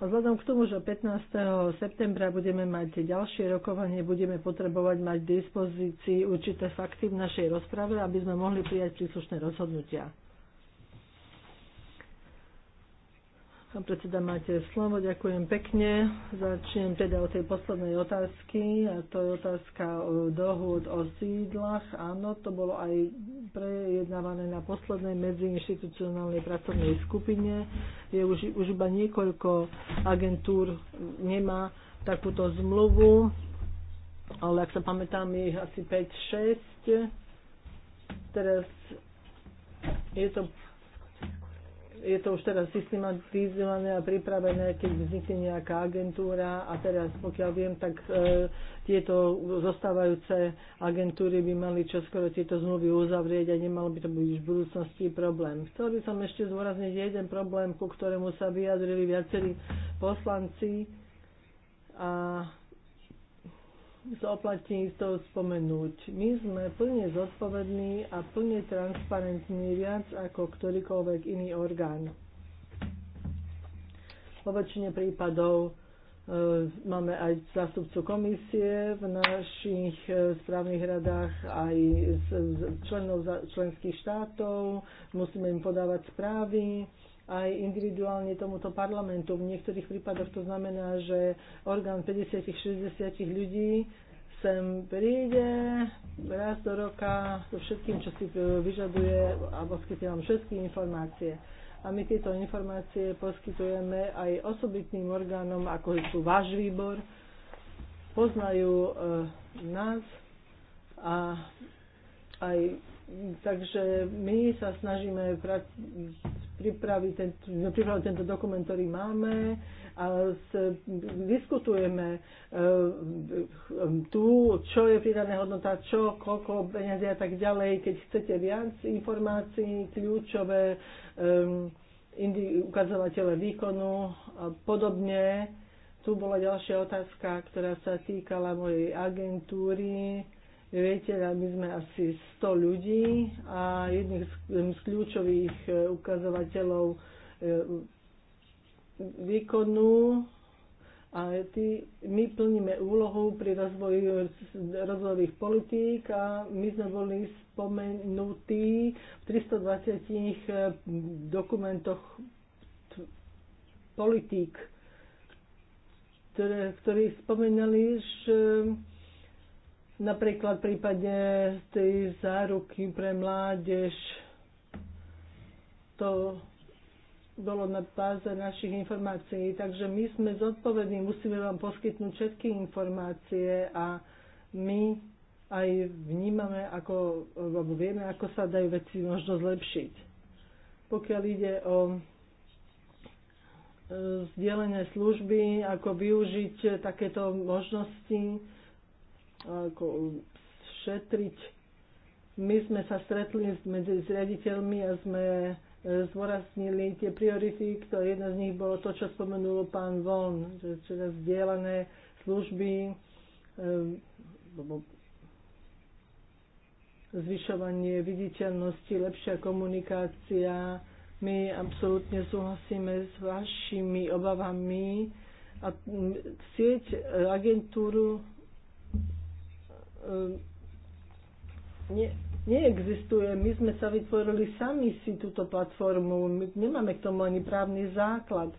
A vzhľadom k tomu, že 15. septembra budeme mať ďalšie rokovanie, budeme potrebovať mať v dispozícii určité fakty v našej rozprave, aby sme mohli prijať príslušné rozhodnutia. Pán predseda, máte slovo. Ďakujem pekne. Začnem teda od tej poslednej otázky. A to je otázka o dohod o sídlach. Áno, to bolo aj prejednávané na poslednej medziinstitucionálnej pracovnej skupine. Je už, už iba niekoľko agentúr nemá takúto zmluvu, ale ak sa pamätám, je ich asi 5-6. Teraz je to je to už teraz systematizované a pripravené, keď vznikne nejaká agentúra a teraz, pokiaľ viem, tak e, tieto zostávajúce agentúry by mali čoskoro tieto zmluvy uzavrieť a nemalo by to byť už v budúcnosti problém. Chcel by som ešte zdôrazniť jeden problém, ku ktorému sa vyjadrili viacerí poslanci oplatí to spomenúť. My sme plne zodpovední a plne transparentní viac ako ktorýkoľvek iný orgán. Vo väčšine prípadov e, máme aj zástupcu komisie v našich e, správnych radách, aj z, z členov za, členských štátov, musíme im podávať správy. E, aj individuálne tomuto parlamentu. V niektorých prípadoch to znamená, že orgán 50-60 ľudí sem príde raz do roka so všetkým, čo si e, vyžaduje a poskytne vám všetky informácie. A my tieto informácie poskytujeme aj osobitným orgánom, ako sú váš výbor, poznajú e, nás a aj Takže my sa snažíme pripraviť ten, no, pripraviť tento dokument, ktorý máme a s, diskutujeme uh, tu, čo je pridaná hodnota, čo, koľko peniazy a tak ďalej. Keď chcete viac informácií, kľúčové um, indi, ukazovatele výkonu a podobne. Tu bola ďalšia otázka, ktorá sa týkala mojej agentúry Viete, my sme asi 100 ľudí a jedným z kľúčových e, ukazovateľov e, výkonu a tý, my plníme úlohu pri rozvoji rozvojových politík a my sme boli spomenutí v 320 e, dokumentoch politík, ktoré, ktorí spomenali, že Napríklad v prípade tej záruky pre mládež to bolo na báze našich informácií. Takže my sme zodpovední, musíme vám poskytnúť všetky informácie a my aj vnímame, ako, alebo vieme, ako sa dajú veci možno zlepšiť. Pokiaľ ide o e, zdieľané služby, ako využiť takéto možnosti, ako šetriť. My sme sa stretli medzi riaditeľmi a sme e, zdôraznili tie priority, to jedna z nich bolo to, čo spomenul pán Von, že teda zdieľané služby, e, zvyšovanie viditeľnosti, lepšia komunikácia. My absolútne súhlasíme s vašimi obavami a sieť e, agentúru Ehm, ne, neexistuje. My sme sa vytvorili sami si túto platformu. My nemáme k tomu ani právny základ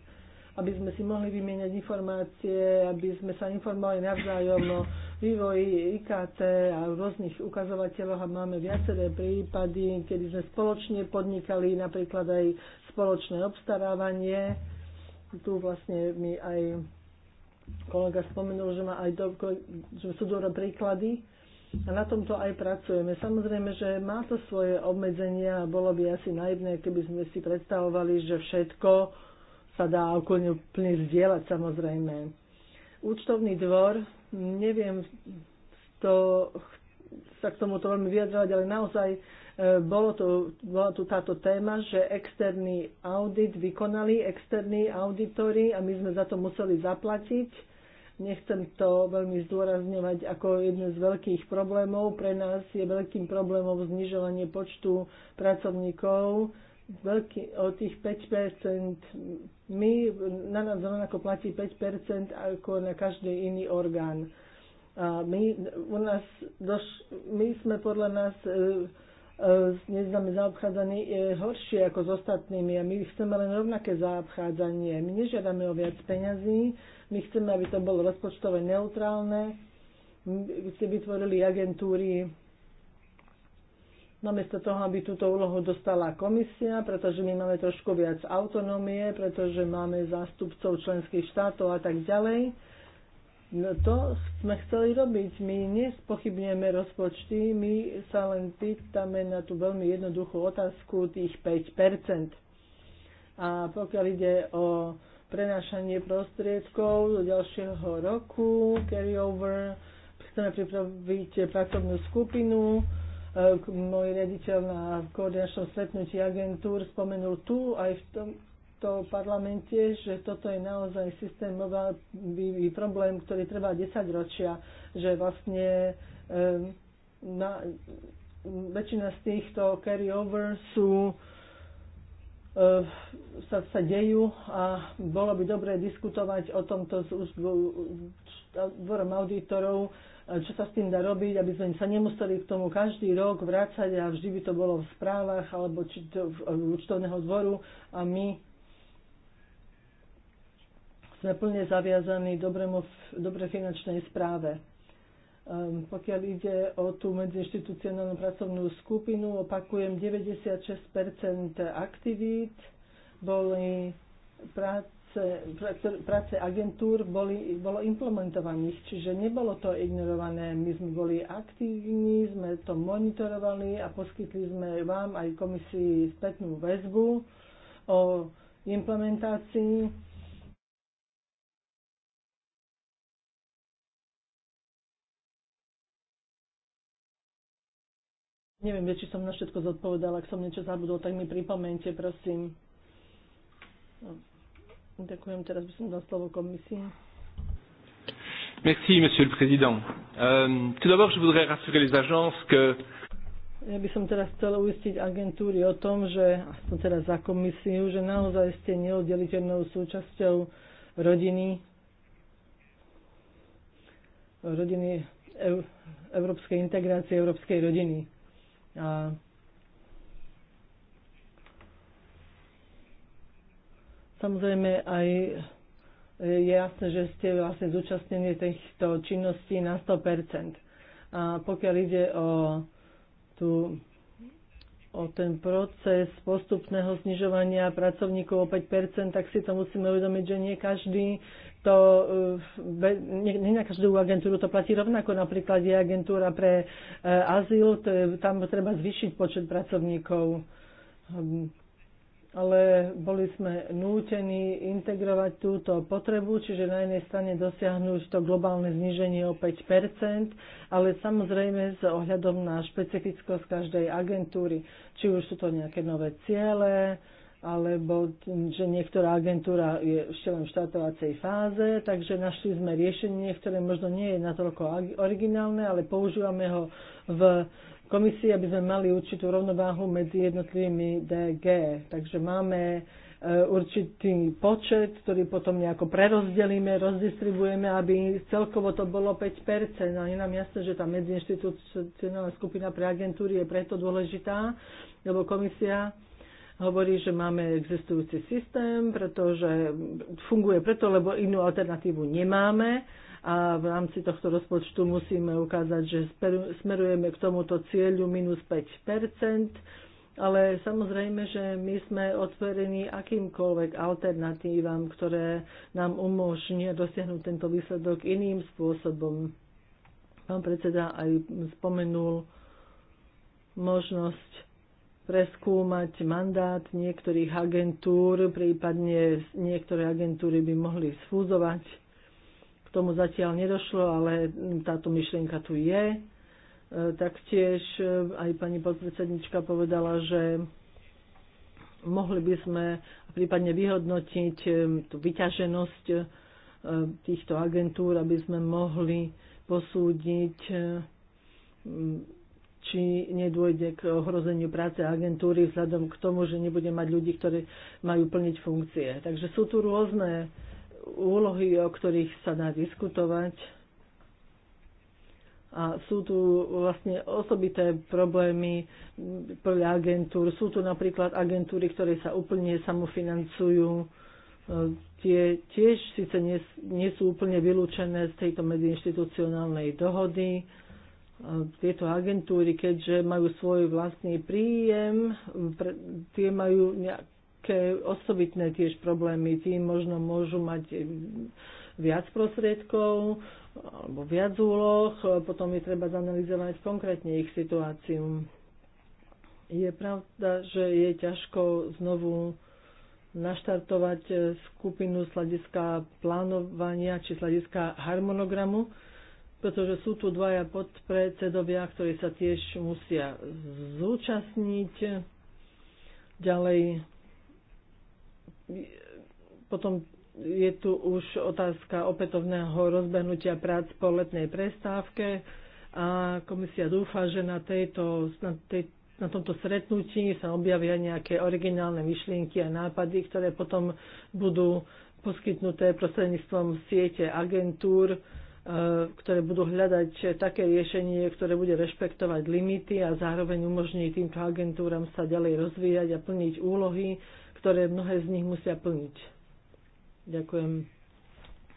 aby sme si mohli vymieňať informácie, aby sme sa informovali navzájom o vývoji IKT a rôznych ukazovateľoch a máme viaceré prípady, kedy sme spoločne podnikali napríklad aj spoločné obstarávanie. Tu vlastne mi aj kolega spomenul, že, má aj do, že sú dobré príklady a na tomto aj pracujeme. Samozrejme, že má to svoje obmedzenia a bolo by asi naivné, keby sme si predstavovali, že všetko sa dá úplne, plne zdieľať samozrejme. Účtovný dvor, neviem to, sa k tomuto veľmi vyjadrovať, ale naozaj e, bolo to, bola tu táto téma, že externý audit vykonali externí auditory a my sme za to museli zaplatiť Nechcem to veľmi zdôrazňovať ako jeden z veľkých problémov. Pre nás je veľkým problémom znižovanie počtu pracovníkov. Veľký, o tých 5 my, na nás rovnako platí 5 ako na každý iný orgán. A my, u nás, doš, my sme podľa nás e, s neznami zaobchádzaní je horšie ako s ostatnými a my chceme len rovnaké zaobchádzanie. My nežiadame o viac peňazí, my chceme, aby to bolo rozpočtové neutrálne. My ste vytvorili agentúry namiesto toho, aby túto úlohu dostala komisia, pretože my máme trošku viac autonómie, pretože máme zástupcov členských štátov a tak ďalej. No to sme chceli robiť. My nespochybneme rozpočty, my sa len pýtame na tú veľmi jednoduchú otázku tých 5%. A pokiaľ ide o prenášanie prostriedkov do ďalšieho roku, carryover, chceme pripraviť pracovnú skupinu, e, môj rediteľ na koordinačnom stretnutí agentúr spomenul tu aj v tom to v parlamente, že toto je naozaj systémový problém, ktorý trvá 10 ročia, že vlastne na, väčšina z týchto carry-over sú eh, sa, sa dejú a bolo by dobré diskutovať o tomto s dvorom auditorov, eh, čo sa s tým dá robiť, aby sme sa nemuseli k tomu každý rok vrácať a vždy by to bolo v správach alebo či to v účtovného dvoru a my sme plne zaviazaní dobremu, dobre finančnej správe. Um, pokiaľ ide o tú medziinstitucionálnu pracovnú skupinu, opakujem, 96 aktivít boli práce, práce agentúr boli, bolo implementovaných, čiže nebolo to ignorované. My sme boli aktívni, sme to monitorovali a poskytli sme vám aj komisii spätnú väzbu o implementácii Neviem, či som na všetko zodpovedala. Ak som niečo zabudol, tak mi pripomente, prosím. No, ďakujem. Teraz by som dal slovo komisii. Merci, Monsieur le Président. Euh, tout d'abord, je voudrais rassurer les agences que ja by som teraz chcela uistiť agentúry o tom, že, aspoň teraz za komisiu, že naozaj ste neoddeliteľnou súčasťou rodiny, rodiny Európskej integrácie, Európskej rodiny samozrejme aj je jasné, že ste vlastne zúčastnení týchto činností na 100%. A pokiaľ ide o, tú, o ten proces postupného znižovania pracovníkov o 5%, tak si to musíme uvedomiť, že nie každý to nie eh, na každú agentúru to platí rovnako. Napríklad je agentúra pre eh, azyl, tam treba zvýšiť počet pracovníkov. Hm. Ale boli sme nútení integrovať túto potrebu, čiže na jednej strane dosiahnuť to globálne zníženie o 5 ale samozrejme s ohľadom na špecifickosť každej agentúry, či už sú to nejaké nové ciele, alebo že niektorá agentúra je ešte len v štartovacej fáze, takže našli sme riešenie, ktoré možno nie je natoľko originálne, ale používame ho v komisii, aby sme mali určitú rovnováhu medzi jednotlivými DG. Takže máme e, určitý počet, ktorý potom nejako prerozdelíme, rozdistribujeme, aby celkovo to bolo 5%. A je nám jasné, že tá medziinstitucionálna skupina pre agentúry je preto dôležitá, lebo komisia hovorí, že máme existujúci systém, pretože funguje preto, lebo inú alternatívu nemáme a v rámci tohto rozpočtu musíme ukázať, že smerujeme k tomuto cieľu minus 5 ale samozrejme, že my sme otvorení akýmkoľvek alternatívam, ktoré nám umožnia dosiahnuť tento výsledok iným spôsobom. Pán predseda aj spomenul možnosť preskúmať mandát niektorých agentúr, prípadne niektoré agentúry by mohli sfúzovať. K tomu zatiaľ nedošlo, ale táto myšlienka tu je. E, taktiež e, aj pani podpredsednička povedala, že mohli by sme prípadne vyhodnotiť e, tú vyťaženosť týchto agentúr, aby sme mohli posúdiť či nedôjde k ohrozeniu práce agentúry vzhľadom k tomu, že nebude mať ľudí, ktorí majú plniť funkcie. Takže sú tu rôzne úlohy, o ktorých sa dá diskutovať. A sú tu vlastne osobité problémy pre agentúr. Sú tu napríklad agentúry, ktoré sa úplne samofinancujú. E, tie tiež síce nie, nie sú úplne vylúčené z tejto medziinstitucionálnej dohody, tieto agentúry, keďže majú svoj vlastný príjem, pre, tie majú nejaké osobitné tiež problémy, tým možno môžu mať viac prostriedkov alebo viac úloh, potom je treba zanalizovať konkrétne ich situáciu. Je pravda, že je ťažko znovu naštartovať skupinu z plánovania či sladiska harmonogramu, pretože sú tu dvaja podpredsedovia, ktorí sa tiež musia zúčastniť. Ďalej potom je tu už otázka opätovného rozbehnutia prác po letnej prestávke a komisia dúfa, že na, tejto, na, tej, na tomto stretnutí sa objavia nejaké originálne myšlienky a nápady, ktoré potom budú poskytnuté prostredníctvom siete agentúr, ktoré budú hľadať také riešenie, ktoré bude rešpektovať limity a zároveň umožní týmto agentúram sa ďalej rozvíjať a plniť úlohy, ktoré mnohé z nich musia plniť. Ďakujem.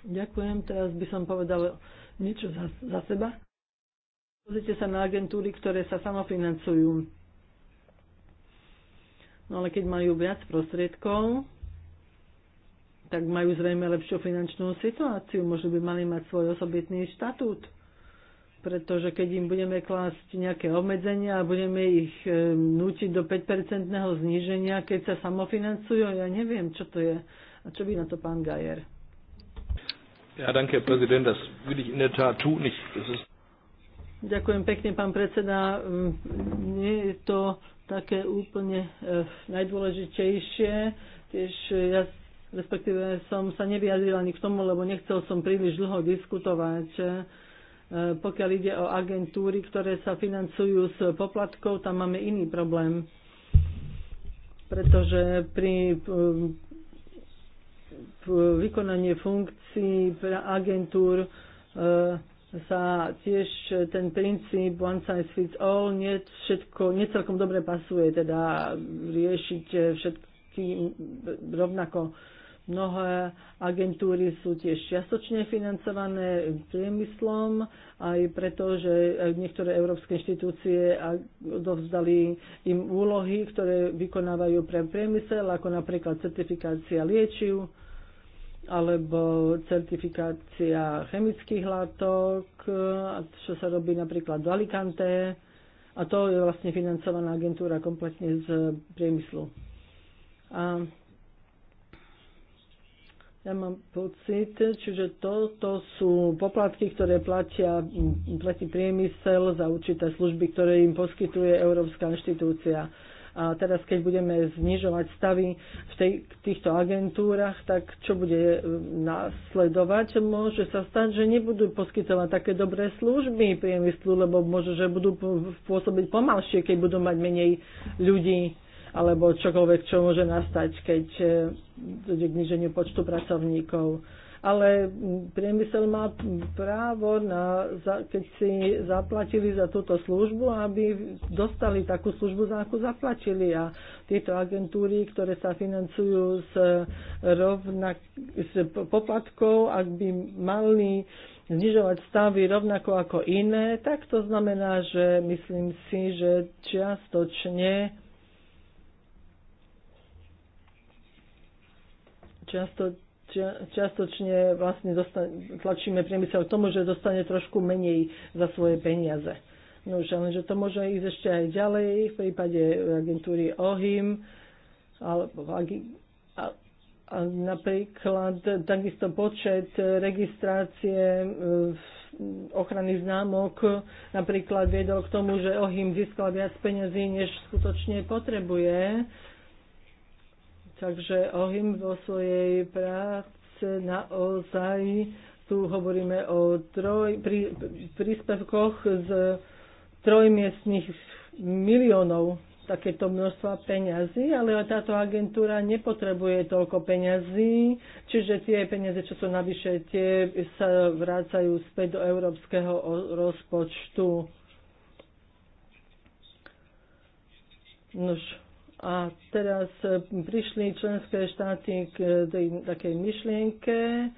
Ďakujem. Teraz by som povedal niečo za, za seba. Pozrite sa na agentúry, ktoré sa samofinancujú. No ale keď majú viac prostriedkov, tak majú zrejme lepšiu finančnú situáciu, možno by mali mať svoj osobitný štatút. Pretože keď im budeme klásť nejaké obmedzenia a budeme ich e, nútiť do 5-percentného zníženia, keď sa samofinancujú, ja neviem, čo to je. A čo by na to pán Gajer? Ja, danke, prezident, das will ich in der Tat tun. Ich, das ist Ďakujem pekne, pán predseda. Mm, nie je to také úplne e, najdôležitejšie. Tiež e, ja respektíve som sa nevyjadrila ani k tomu, lebo nechcel som príliš dlho diskutovať. E, pokiaľ ide o agentúry, ktoré sa financujú s poplatkov, tam máme iný problém. Pretože pri e, vykonanie funkcií pre agentúr e, sa tiež ten princíp one size fits all nie, všetko, nie celkom dobre pasuje, teda riešiť všetky rovnako. Mnohé agentúry sú tiež čiastočne financované priemyslom, aj preto, že niektoré európske inštitúcie dovzdali im úlohy, ktoré vykonávajú pre priemysel, ako napríklad certifikácia liečiv alebo certifikácia chemických látok, čo sa robí napríklad v Alicante. A to je vlastne financovaná agentúra kompletne z priemyslu. A ja mám pocit, čiže toto sú poplatky, ktoré platia, platí priemysel za určité služby, ktoré im poskytuje Európska inštitúcia. A teraz, keď budeme znižovať stavy v tej, týchto agentúrach, tak čo bude e, nasledovať? Môže sa stať, že nebudú poskytovať také dobré služby priemyslu, lebo môže, že budú pôsobiť pomalšie, keď budú mať menej ľudí alebo čokoľvek, čo môže nastať, keď eh, dojde k zniženiu počtu pracovníkov. Ale mm, priemysel má právo, na, keď si zaplatili za túto službu, aby dostali takú službu, za akú zaplatili. A tieto agentúry, ktoré sa financujú z, rovnak, s poplatkou, ak by mali znižovať stavy rovnako ako iné, tak to znamená, že myslím si, že čiastočne často, častočne vlastne dostane, tlačíme priemysel k tomu, že dostane trošku menej za svoje peniaze. No už, ale že to môže ísť ešte aj ďalej v prípade agentúry OHIM alebo a, a napríklad takisto počet registrácie e, ochrany známok napríklad viedol k tomu, že OHIM získal viac peňazí, než skutočne potrebuje Takže Ohim vo svojej práce naozaj, tu hovoríme o troj, prí, príspevkoch z trojmiestných miliónov takéto množstva peňazí, ale táto agentúra nepotrebuje toľko peňazí, čiže tie peniaze, čo sú navyše, tie sa vrácajú späť do európskeho rozpočtu. Nož a teraz e, prišli členské štáty k e, takej myšlienke, e,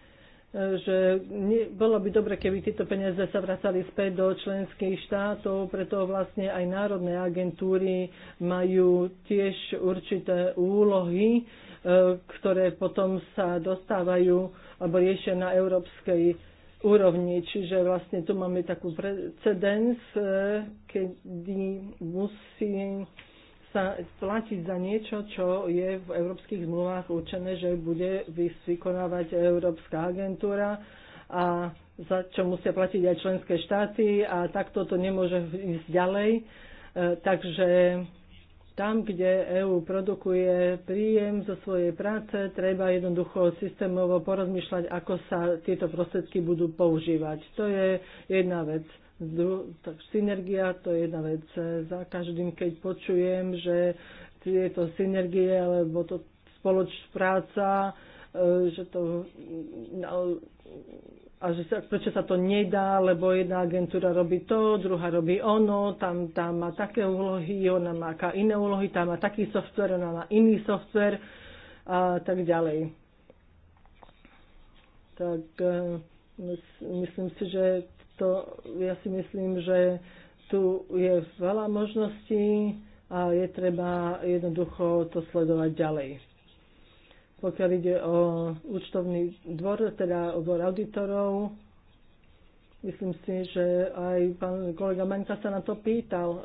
že nie, bolo by dobre, keby tieto peniaze sa vracali späť do členských štátov, preto vlastne aj národné agentúry majú tiež určité úlohy, ktoré potom sa dostávajú alebo riešia na európskej úrovni. Čiže vlastne tu máme takú precedens, kedy musí sa platiť za niečo, čo je v európskych zmluvách určené, že bude vykonávať Európska agentúra a za čo musia platiť aj členské štáty a takto to nemôže ísť ďalej. E, takže tam, kde EÚ produkuje príjem zo svojej práce, treba jednoducho systémovo porozmýšľať, ako sa tieto prostriedky budú používať. To je jedna vec tak synergia to je jedna vec. Za každým, keď počujem, že je to synergie alebo to práca, e, že to, no, a že sa, prečo sa to nedá, lebo jedna agentúra robí to, druhá robí ono, tam, tam má také úlohy, ona má aká iné úlohy, tam má taký software, ona má iný software a tak ďalej. Tak e, myslím si, že to ja si myslím, že tu je veľa možností a je treba jednoducho to sledovať ďalej. Pokiaľ ide o účtovný dvor, teda o dvor auditorov, myslím si, že aj pán kolega Maňka sa na to pýtal, e,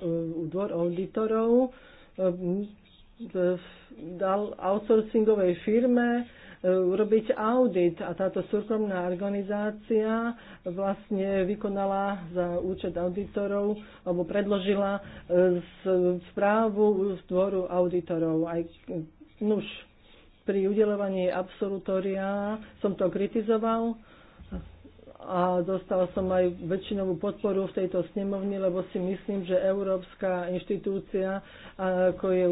dvor auditorov e, e, dal outsourcingovej firme E, urobiť audit a táto súkromná organizácia vlastne vykonala za účet auditorov alebo predložila e, správu z dvoru auditorov. Aj, nuž, pri udelovaní absolutória som to kritizoval, a dostal som aj väčšinovú podporu v tejto snemovni, lebo si myslím, že Európska inštitúcia, ako je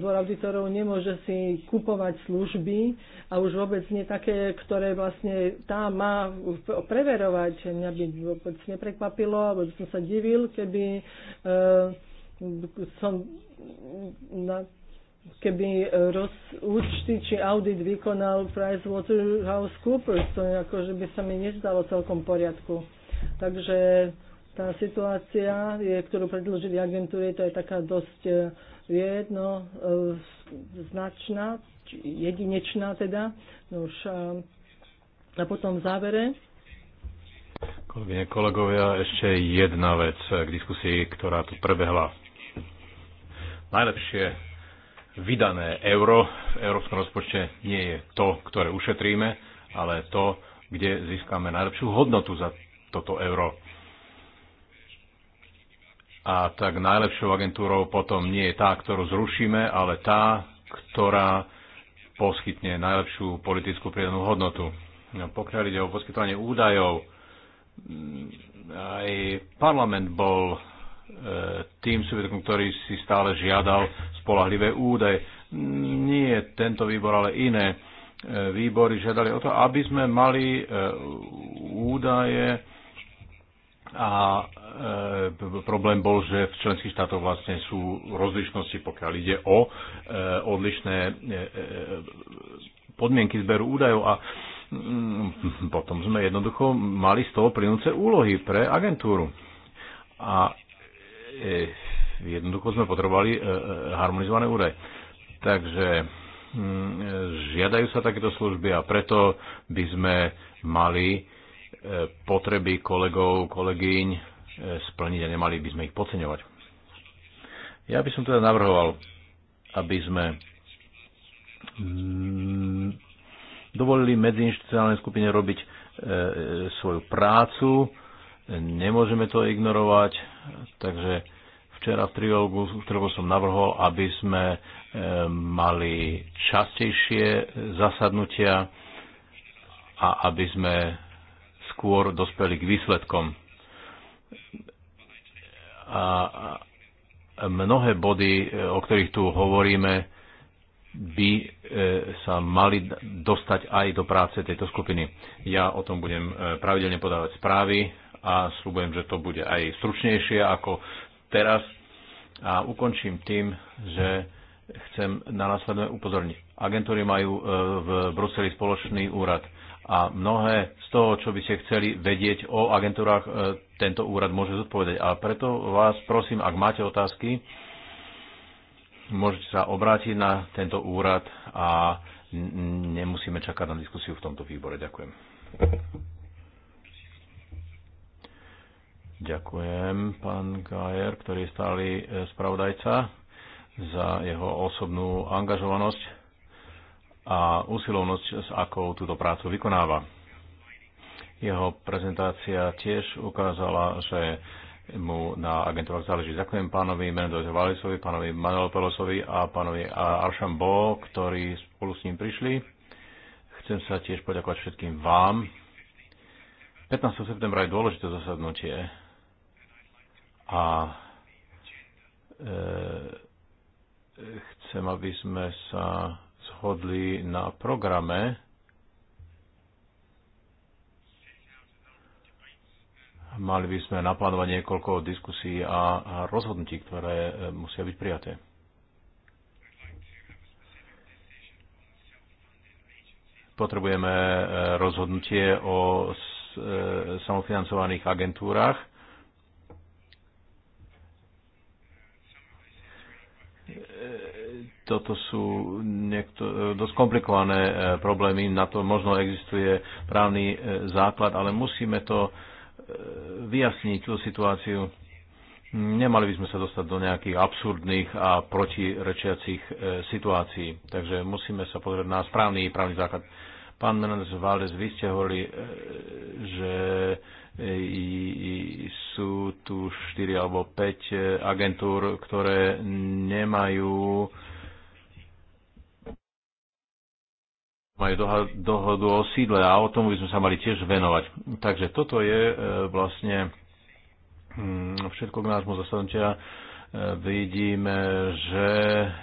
dvor auditorov, nemôže si kupovať služby a už vôbec nie také, ktoré vlastne tá má preverovať. Mňa by vôbec neprekvapilo, alebo by som sa divil, keby uh, som na keby e, roz, účty či audit vykonal PricewaterhouseCoopers, to ako, že by sa mi nezdalo celkom poriadku. Takže tá situácia, je, ktorú predložili agentúry, to je taká dosť e, jedno, e, značná, či jedinečná teda. No už a, a potom v závere. Kolegyne, kolegovia, ešte jedna vec k diskusii, ktorá tu prebehla. Najlepšie vydané euro v európskom rozpočte nie je to, ktoré ušetríme, ale to, kde získame najlepšiu hodnotu za toto euro. A tak najlepšou agentúrou potom nie je tá, ktorú zrušíme, ale tá, ktorá poskytne najlepšiu politickú pridanú hodnotu. No, pokiaľ ide o poskytovanie údajov, aj parlament bol E, tým subjektom, ktorý si stále žiadal spolahlivé údaje. Nie tento výbor, ale iné e, výbory žiadali o to, aby sme mali e, údaje a problém bol, že v členských štátoch vlastne sú rozlišnosti, pokiaľ ide o odlišné podmienky zberu údajov a mm, potom sme jednoducho mali z toho prinúce úlohy pre agentúru. A Eh, jednoducho sme potrebovali eh, eh, harmonizované údaje. Takže mm, žiadajú sa takéto služby a preto by sme mali potreby kolegov, kolegyň splniť a nemali by sme ich podceňovať. Ja by som teda navrhoval, aby sme mm, dovolili medziinstitucionálnej skupine robiť svoju prácu, Nemôžeme to ignorovať, takže včera v trilógu, v trilógu som navrhol, aby sme e, mali častejšie zasadnutia a aby sme skôr dospeli k výsledkom. A mnohé body, e, o ktorých tu hovoríme, by e, sa mali dostať aj do práce tejto skupiny. Ja o tom budem pravidelne podávať správy a slúbujem, že to bude aj stručnejšie ako teraz. A ukončím tým, že chcem na následné upozorniť. Agentúry majú e, v Bruseli spoločný úrad a mnohé z toho, čo by ste chceli vedieť o agentúrach, e, tento úrad môže zodpovedať. A preto vás prosím, ak máte otázky, môžete sa obrátiť na tento úrad a nemusíme čakať na diskusiu v tomto výbore. Ďakujem. Ďakujem, pán Gajer, ktorý je stály e, spravodajca za jeho osobnú angažovanosť a usilovnosť, s akou túto prácu vykonáva. Jeho prezentácia tiež ukázala, že mu na agentúrach záleží. Ďakujem pánovi Mendoze Valisovi, pánovi Manuel Pelosovi a pánovi Bo, ktorí spolu s ním prišli. Chcem sa tiež poďakovať všetkým vám. 15. septembra je dôležité zasadnutie a e, chcem, aby sme sa zhodli na programe. Mali by sme naplánovať niekoľko diskusí a rozhodnutí, ktoré e, musia byť prijaté. Potrebujeme e, rozhodnutie o samofinancovaných agentúrach toto sú niekto, dosť komplikované e, problémy, na to možno existuje právny e, základ, ale musíme to e, vyjasniť tú situáciu. Nemali by sme sa dostať do nejakých absurdných a protirečiacich situácií. Takže musíme sa pozrieť na správny právny základ. Pán Menendez Valdez, vy ste hovorili, že sú tu 4 alebo 5 agentúr, ktoré nemajú majú dohodu o sídle a o tom by sme sa mali tiež venovať. Takže toto je e, vlastne mm, všetko k nášmu zasadnutia. E, Vidíme, že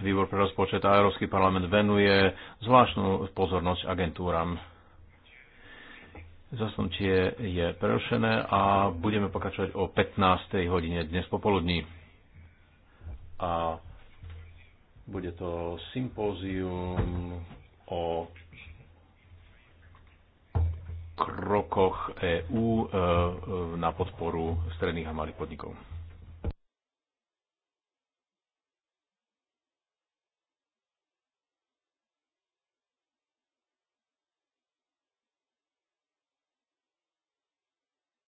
Výbor pre rozpočet a Európsky parlament venuje zvláštnu pozornosť agentúram. Zasnutie je prerušené a budeme pokračovať o 15. hodine dnes popoludní. A bude to sympózium o krokoch EÚ e, e, na podporu stredných a malých podnikov.